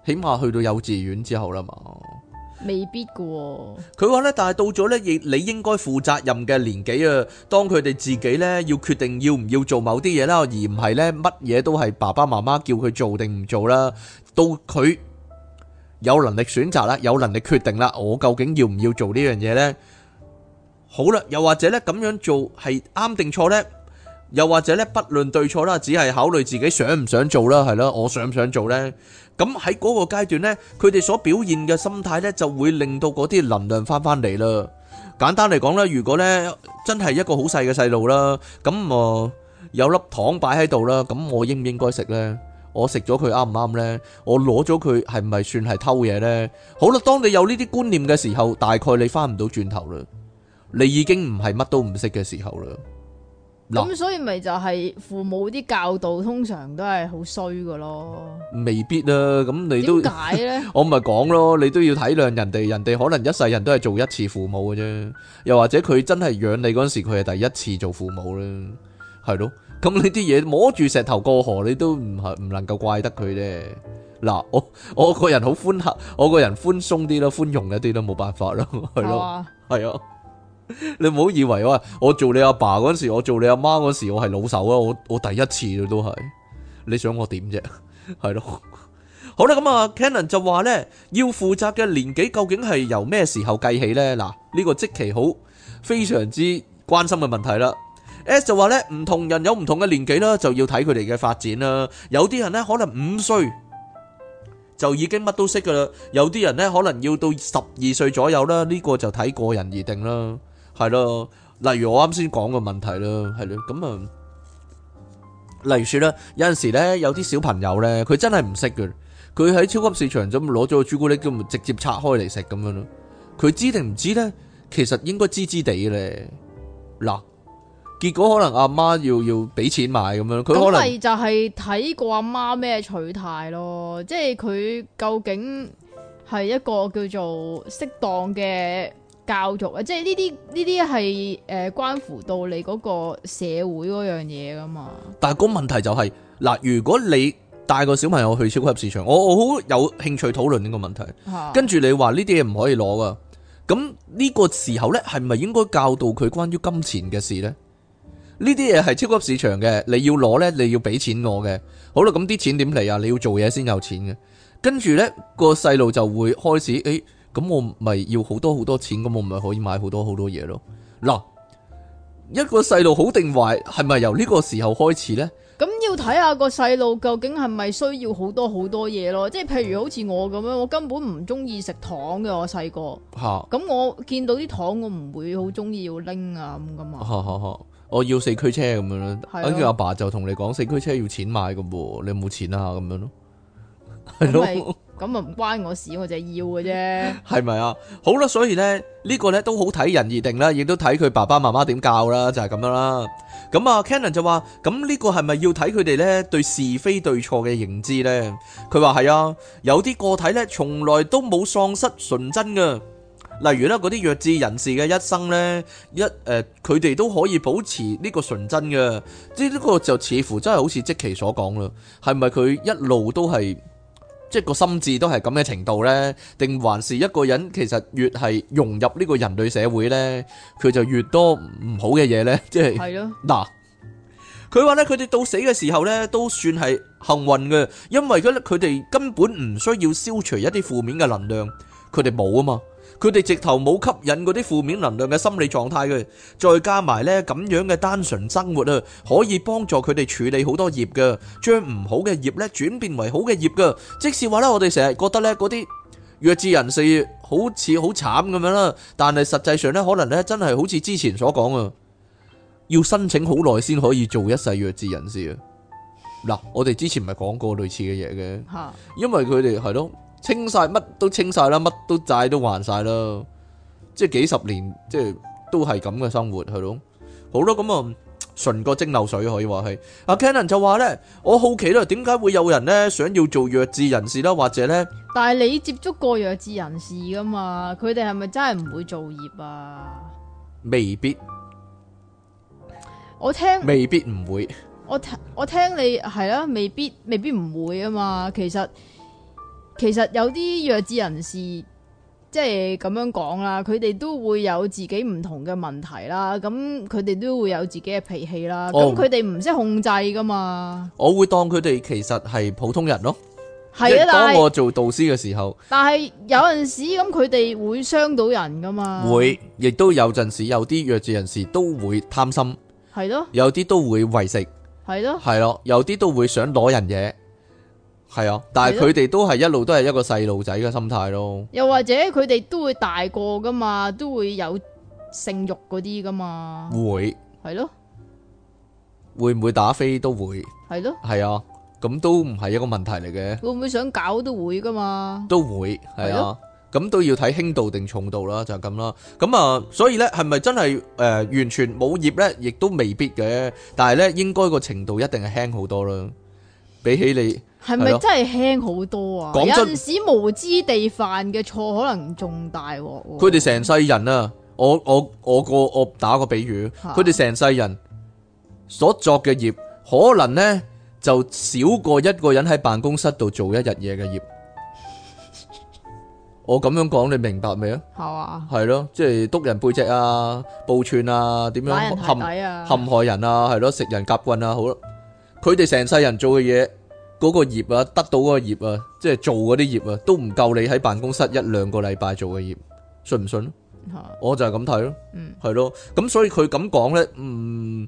起碼去到幼稚園之後啦嘛。未必噶，佢話咧，但係到咗咧，亦你應該負責任嘅年紀啊。當佢哋自己咧要決定要唔要做某啲嘢啦，而唔係咧乜嘢都係爸爸媽媽叫佢做定唔做啦。到佢有能力選擇啦，有能力決定啦，我究竟要唔要做呢樣嘢呢？好啦，又或者咧咁樣做係啱定錯呢？又或者咧不論對錯啦，只係考慮自己想唔想做啦，係啦，我想唔想做呢？咁喺嗰個階段呢，佢哋所表現嘅心態呢，就會令到嗰啲能量翻翻嚟啦。簡單嚟講啦，如果呢真係一個好細嘅細路啦，咁啊、呃、有粒糖擺喺度啦，咁我應唔應該食呢？我食咗佢啱唔啱呢？我攞咗佢係咪算係偷嘢呢？好啦，當你有呢啲觀念嘅時候，大概你翻唔到轉頭啦，你已經唔係乜都唔識嘅時候啦。咁、啊、所以咪就係父母啲教導通常都係好衰噶咯？未必啊，咁你都點解咧？ [laughs] 我咪講咯，你都要體諒人哋，人哋可能一世人都係做一次父母嘅啫，又或者佢真係養你嗰陣時，佢係第一次做父母咧，係咯？咁呢啲嘢摸住石頭過河，你都唔係唔能夠怪得佢咧。嗱，我我個人好寬厚，我個人寬鬆啲咯，寬容一啲咯，冇辦法咯，係咯，係啊。你唔好以為哇，我做你阿爸嗰時我，我做你阿媽嗰時，我係老手啊！我我第一次都係，你想我點啫？係 [laughs] 咯對了， [laughs] 好啦，咁啊，Canon 就話呢，要負責嘅年紀究竟係由咩時候計起呢？嗱，呢個即期好非常之關心嘅問題啦。S 就話呢，唔同人有唔同嘅年紀啦，就要睇佢哋嘅發展啦。有啲人呢，可能五歲就已經乜都識噶啦，有啲人呢，可能要到十二歲左右啦，呢個就睇個人而定啦。係咯，例如我啱先講嘅問題咯，係咯，咁啊，例如說啦，有陣時咧，有啲小朋友咧，佢真係唔識嘅，佢喺超級市場就攞咗個朱古力咁，直接拆開嚟食咁樣咯，佢知定唔知咧？其實應該知知地咧。嗱，結果可能阿媽，媽要要俾錢買咁樣，佢可能是就係睇過阿媽咩取態咯，即係佢究竟係一個叫做適當嘅。教育啊，即係呢啲呢啲係誒關乎到你嗰個社會嗰樣嘢噶嘛。但係個問題就係、是、嗱，如果你帶個小朋友去超級市場，我我好有興趣討論呢個問題。跟住、啊、你話呢啲嘢唔可以攞噶，咁呢個時候呢，係咪應該教導佢關於金錢嘅事呢？呢啲嘢係超級市場嘅，你要攞呢，你要俾錢我嘅。好啦，咁啲錢點嚟啊？你要做嘢先有錢嘅。跟住呢，嗰個細路就會開始誒。哎咁我咪要好多好多錢，咁我咪可以買好多好多嘢咯。嗱，一個細路好定壞，係咪由呢個時候開始呢？咁要睇下個細路究竟係咪需要好多好多嘢咯。即係譬如好似我咁樣，我根本唔中意食糖嘅，我細個。吓，咁我見到啲糖我唔會好中意要拎啊咁咁啊。 [laughs] 我要四驅車咁樣咯。跟住阿爸就同你講四驅車要錢買噶噃，你冇錢啊咁樣咯。係咯，咁啊唔關我事，我就係要嘅啫。係咪 [laughs] 啊？好啦，所以、這個、呢，呢個呢都好睇人，而定啦，亦都睇佢爸爸媽媽點教啦，就係、是、咁樣啦。咁、嗯、啊，Cannon 就話咁、這個、呢個係咪要睇佢哋呢對是非對錯嘅認知呢？佢話係啊，有啲個體呢從來都冇喪失純真嘅，例如咧嗰啲弱智人士嘅一生呢，一誒，佢、呃、哋都可以保持呢個純真嘅。即、這、呢個就似乎真係好似積奇所講啦，係咪佢一路都係？即係個心智都係咁嘅程度咧，定還是一個人其實越係融入呢個人類社會咧，佢就越多唔好嘅嘢咧，即係。係咯。嗱，佢話咧，佢哋到死嘅時候咧，都算係幸運嘅，因為佢咧，佢哋根本唔需要消除一啲負面嘅能量，佢哋冇啊嘛。佢哋直頭冇吸引嗰啲負面能量嘅心理狀態嘅，再加埋咧，咁樣嘅單純生活啊，可以幫助佢哋處理好多業噶，將唔好嘅業咧轉變為好嘅業噶。即使話咧，我哋成日覺得咧，嗰啲弱智人士好似好慘咁樣啦，但係實際上咧，可能咧真係好似之前所講啊，要申請好耐先可以做一世弱智人士啊。嗱，我哋之前咪講過類似嘅嘢嘅，因為佢哋係咯。清晒，乜都清晒啦，乜都債都還晒啦，即係幾十年，即係都係咁嘅生活係咯，好咯，咁啊，純個蒸餾水可以話係。阿 Canon 就話咧，我好奇咯，點解會有人咧想要做弱智人士咧，或者咧？但係你接觸過弱智人士噶嘛？佢哋係咪真係唔會造業啊？未必，我聽未必唔會。我聽我聽你係啦，未必未必唔會啊嘛，其實。其實有啲弱智人士，即係咁樣講啦，佢哋都會有自己唔同嘅問題啦，咁佢哋都會有自己嘅脾氣啦，咁佢哋唔識控制噶嘛。我會當佢哋其實係普通人咯。係啊，但係當我做導師嘅時候，但係有陣時咁佢哋會傷到人噶嘛。會，亦都有陣時有啲弱智人士都會貪心，係咯、啊，有啲都會為食，係咯，係咯，有啲都會想攞人嘢。係啊，但係佢哋都係一路都係一個細路仔嘅心態咯。又或者佢哋都會大個噶嘛，都會有性欲嗰啲噶嘛。會係咯，啊、會唔會打飛都會係咯，係啊，咁都唔係一個問題嚟嘅。會唔會想搞都會噶嘛？都會係啊，咁、啊、都要睇輕度定重度啦，就係咁啦。咁啊，所以咧係咪真係誒、呃、完全冇業咧？亦都未必嘅，但係咧應該個程度一定係輕好多啦，比起你。係咪真係輕好多啊？有陣時無知地犯嘅錯，可能仲大，啊。佢哋成世人啊，我我我個我打個比喻，佢哋成世人所作嘅業，可能呢，就少過一個人喺辦公室度做一日嘢嘅業。 [laughs] 我咁樣講，你明白未啊？係啊吧。係咯，即係督人背脊啊，報串啊，點樣陷陷，啊、害人啊？係咯，食人夾棍啊，好啦。佢哋成世人做嘅嘢。嗰個業啊，得到嗰個業啊，即係做嗰啲業啊，都唔夠你喺辦公室一兩個禮拜做嘅業，信唔信？我就係咁睇咯，係咯，嗯，咁所以佢咁講呢，嗯，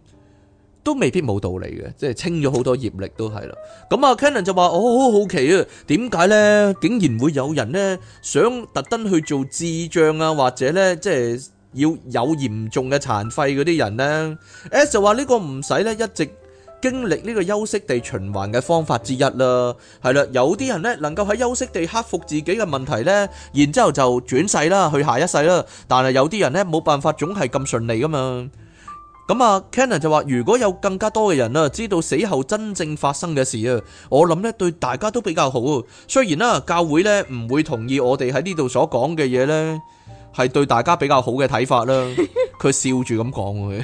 都未必冇道理嘅，即係清咗好多業力都係啦。咁啊 Cannon 就話：我、哦、好好奇啊，點解呢？竟然會有人呢，想特登去做智障啊，或者呢，即係要有嚴重嘅殘廢嗰啲人呢？S 就話呢個唔使呢，一直。經歷呢個休息地循環嘅方法之一啦，係啦，有啲人呢，能夠喺休息地克服自己嘅問題呢，然之後就轉世啦，去下一世啦。但係有啲人呢，冇辦法，總係咁順利㗎嘛。咁啊，Cannon 就話：如果有更加多嘅人啊，知道死後真正發生嘅事啊，我諗呢對大家都比較好。雖然啦，教會呢唔會同意我哋喺呢度所講嘅嘢呢，係對大家比較好嘅睇法啦。佢笑住咁講佢。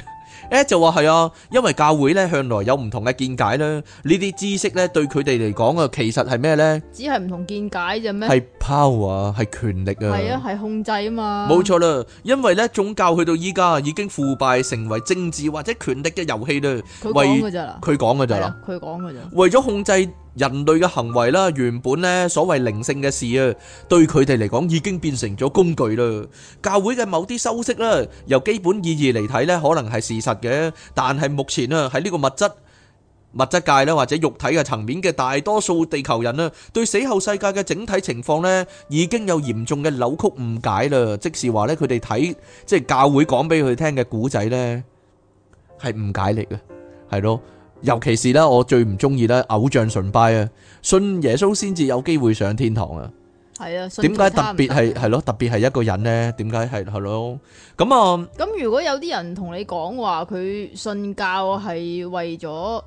誒，就話係啊，因為教會咧向來有唔同嘅見解啦，呢啲知識咧對佢哋嚟講啊，其實係咩咧？只係唔同見解啫咩？係 power 啊，係權力啊。係啊，係控制啊嘛。冇錯啦，因為咧，宗教去到依家已經腐敗，成為政治或者權力嘅遊戲啦。佢講噶咋啦？佢講噶咋啦？佢講噶咋？為咗控制。人類嘅行為啦，原本咧所謂靈性嘅事啊，對佢哋嚟講已經變成咗工具啦。教會嘅某啲修飾啦，由基本意義嚟睇咧，可能係事實嘅。但係目前啊，喺呢個物質物質界啦，或者肉體嘅層面嘅大多數地球人啦，對死後世界嘅整體情況咧，已經有嚴重嘅扭曲誤解啦。即是話咧，佢哋睇即係教會講俾佢聽嘅古仔咧，係誤解嚟嘅，係咯。尤其是咧，我最唔中意咧偶像崇拜啊！信耶穌先至有機會上天堂啊！係啊，信，點解特別係係咯？特別係一個人咧，點解係係咯？咁啊，咁如果有啲人同你講話，佢信教係為咗，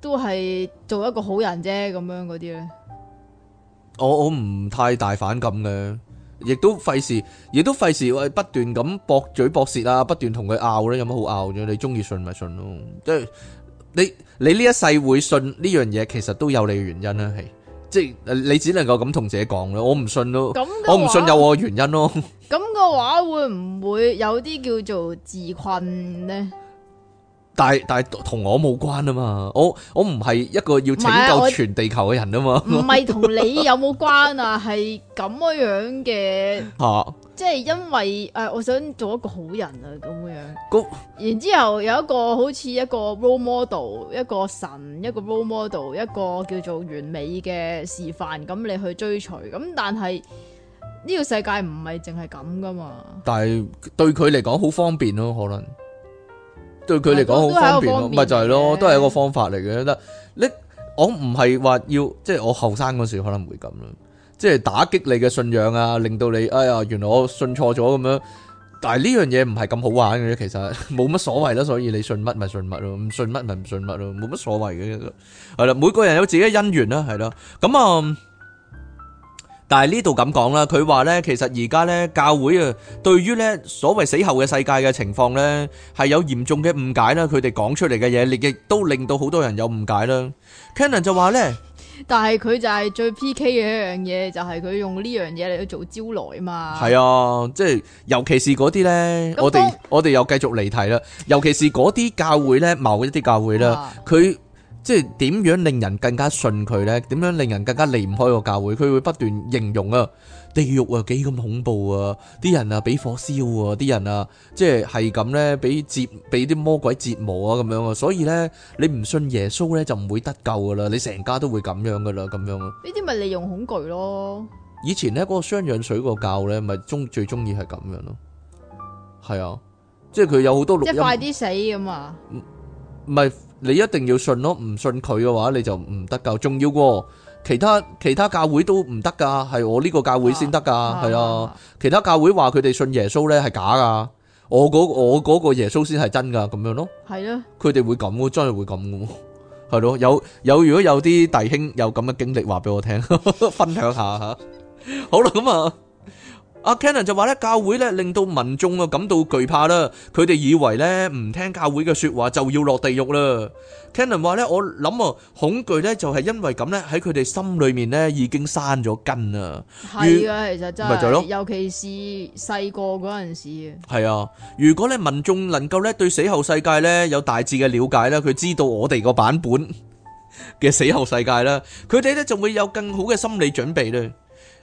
都係做一個好人啫，咁樣嗰啲咧，我我唔太大反感嘅，亦都費事，亦都費事喂，不斷咁駁嘴駁舌啊，不斷同佢拗咧，有乜好拗啫？你中意信咪信咯，即係。你你呢一世會信呢樣嘢，其實都有你嘅原因啦，係即係你只能夠咁同自己講咯。我唔信咯，我唔信有我嘅原因咯。咁嘅話會唔會有啲叫做自困呢？但係但係同我冇關啊嘛，我我唔係一個要拯救全地球嘅人啊嘛，唔係同你有冇關啊？係咁樣樣嘅吓。即係因為誒，我想做一個好人啊，咁樣那。然之後有一個好似一個 role model，一個神，一個 role model，一個叫做完美嘅示範，咁你去追隨。咁但係呢個世界唔係淨係咁噶嘛。但係對佢嚟講好方便咯，可能對佢嚟講好方便咯，咪就係咯，都係一，的一個方法嚟嘅。得你我唔係話要，即係我後生嗰時可能會咁咯。即係打擊你嘅信仰啊，令到你哎呀，原來我信錯咗咁樣。但係呢樣嘢唔係咁好玩嘅，其實冇乜所謂啦。所以你信乜咪信乜咯，唔信乜咪唔信乜咯，冇乜所謂嘅。係啦，每個人有自己嘅因緣啦，係咯。咁啊，但係呢度咁講啦，佢話咧，其實而家咧教會啊，對於咧所謂死後嘅世界嘅情況咧，係有嚴重嘅誤解啦。佢哋講出嚟嘅嘢，亦亦都令到好多人有誤解啦。Canon 就話咧。但係佢就係最 P.K. 嘅一樣嘢，就係、是、佢用呢樣嘢嚟做招來嘛。係啊，即係尤其是嗰啲呢，我哋我哋又繼續離題啦。尤其是嗰啲教會呢，某一啲教會啦，佢、啊、即係點樣令人更加信佢呢？點樣令人更加離唔開個教會？佢會不斷形容啊。地獄啊，幾咁恐怖啊！啲人啊，俾火燒啊！啲人啊，即係係咁咧，俾折俾啲魔鬼折磨啊，咁樣啊！所以咧，你唔信耶穌咧，就唔會得救噶啦，你成家都會咁樣噶啦，咁樣。呢啲咪利用恐懼咯？以前咧，嗰個雙氧水個教咧，咪中最中意係咁樣咯。係啊，即係佢有好多錄音。即快啲死咁啊！唔係，你一定要信咯，唔信佢嘅話，你就唔得救。重要過。其他其他教會都唔得噶，係我呢個教會先得噶，係啊！啊啊其他教會話佢哋信耶穌咧係假噶，我嗰我個耶穌先係真噶，咁樣咯。係咯、啊，佢哋會咁，真係會咁，係咯、啊。有有，如果有啲弟兄有咁嘅經歷，話俾我聽，分享下吓、啊。好啦，咁、嗯、啊。 [laughs] 阿 Canon 就話咧，教會咧令到民眾啊感到懼怕啦，佢哋以為咧唔聽教會嘅說話就要落地獄啦。Canon 話咧，我諗啊，恐懼咧就係因為咁咧喺佢哋心裏面咧已經生咗根啦。係啊，其實真係，尤其是細個嗰陣時啊。係啊，如果咧民眾能夠咧對死後世界咧有大致嘅了解咧，佢知道我哋個版本嘅死後世界咧，佢哋咧仲會有更好嘅心理準備咧。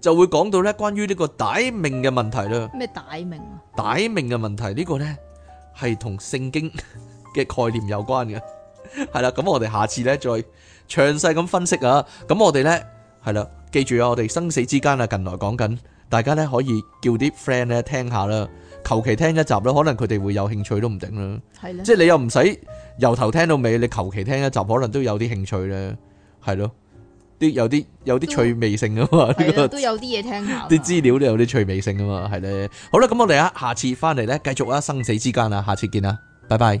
就會講到咧關於呢個歹命嘅問題啦。咩歹命啊？歹命嘅問題呢個呢，係同聖經嘅概念有關嘅，係 [laughs] 啦。咁我哋下次呢，再詳細咁分析啊。咁我哋呢，係啦，記住啊，我哋生死之間啊，近來講緊，大家呢可以叫啲 friend 咧聽下啦，求其聽一集啦，可能佢哋會有興趣都唔定啦。係咧，即係你又唔使由頭聽到尾，你求其聽一集，可能都有啲興趣咧，係咯。啲有啲有啲趣味性啊嘛，都，這個、都有啲嘢聽下，啲資 [laughs] 料都有啲趣味性啊嘛，係咧。好啦，咁我哋啊下次翻嚟咧，繼續啊生死之間啦，下次見啦，拜拜。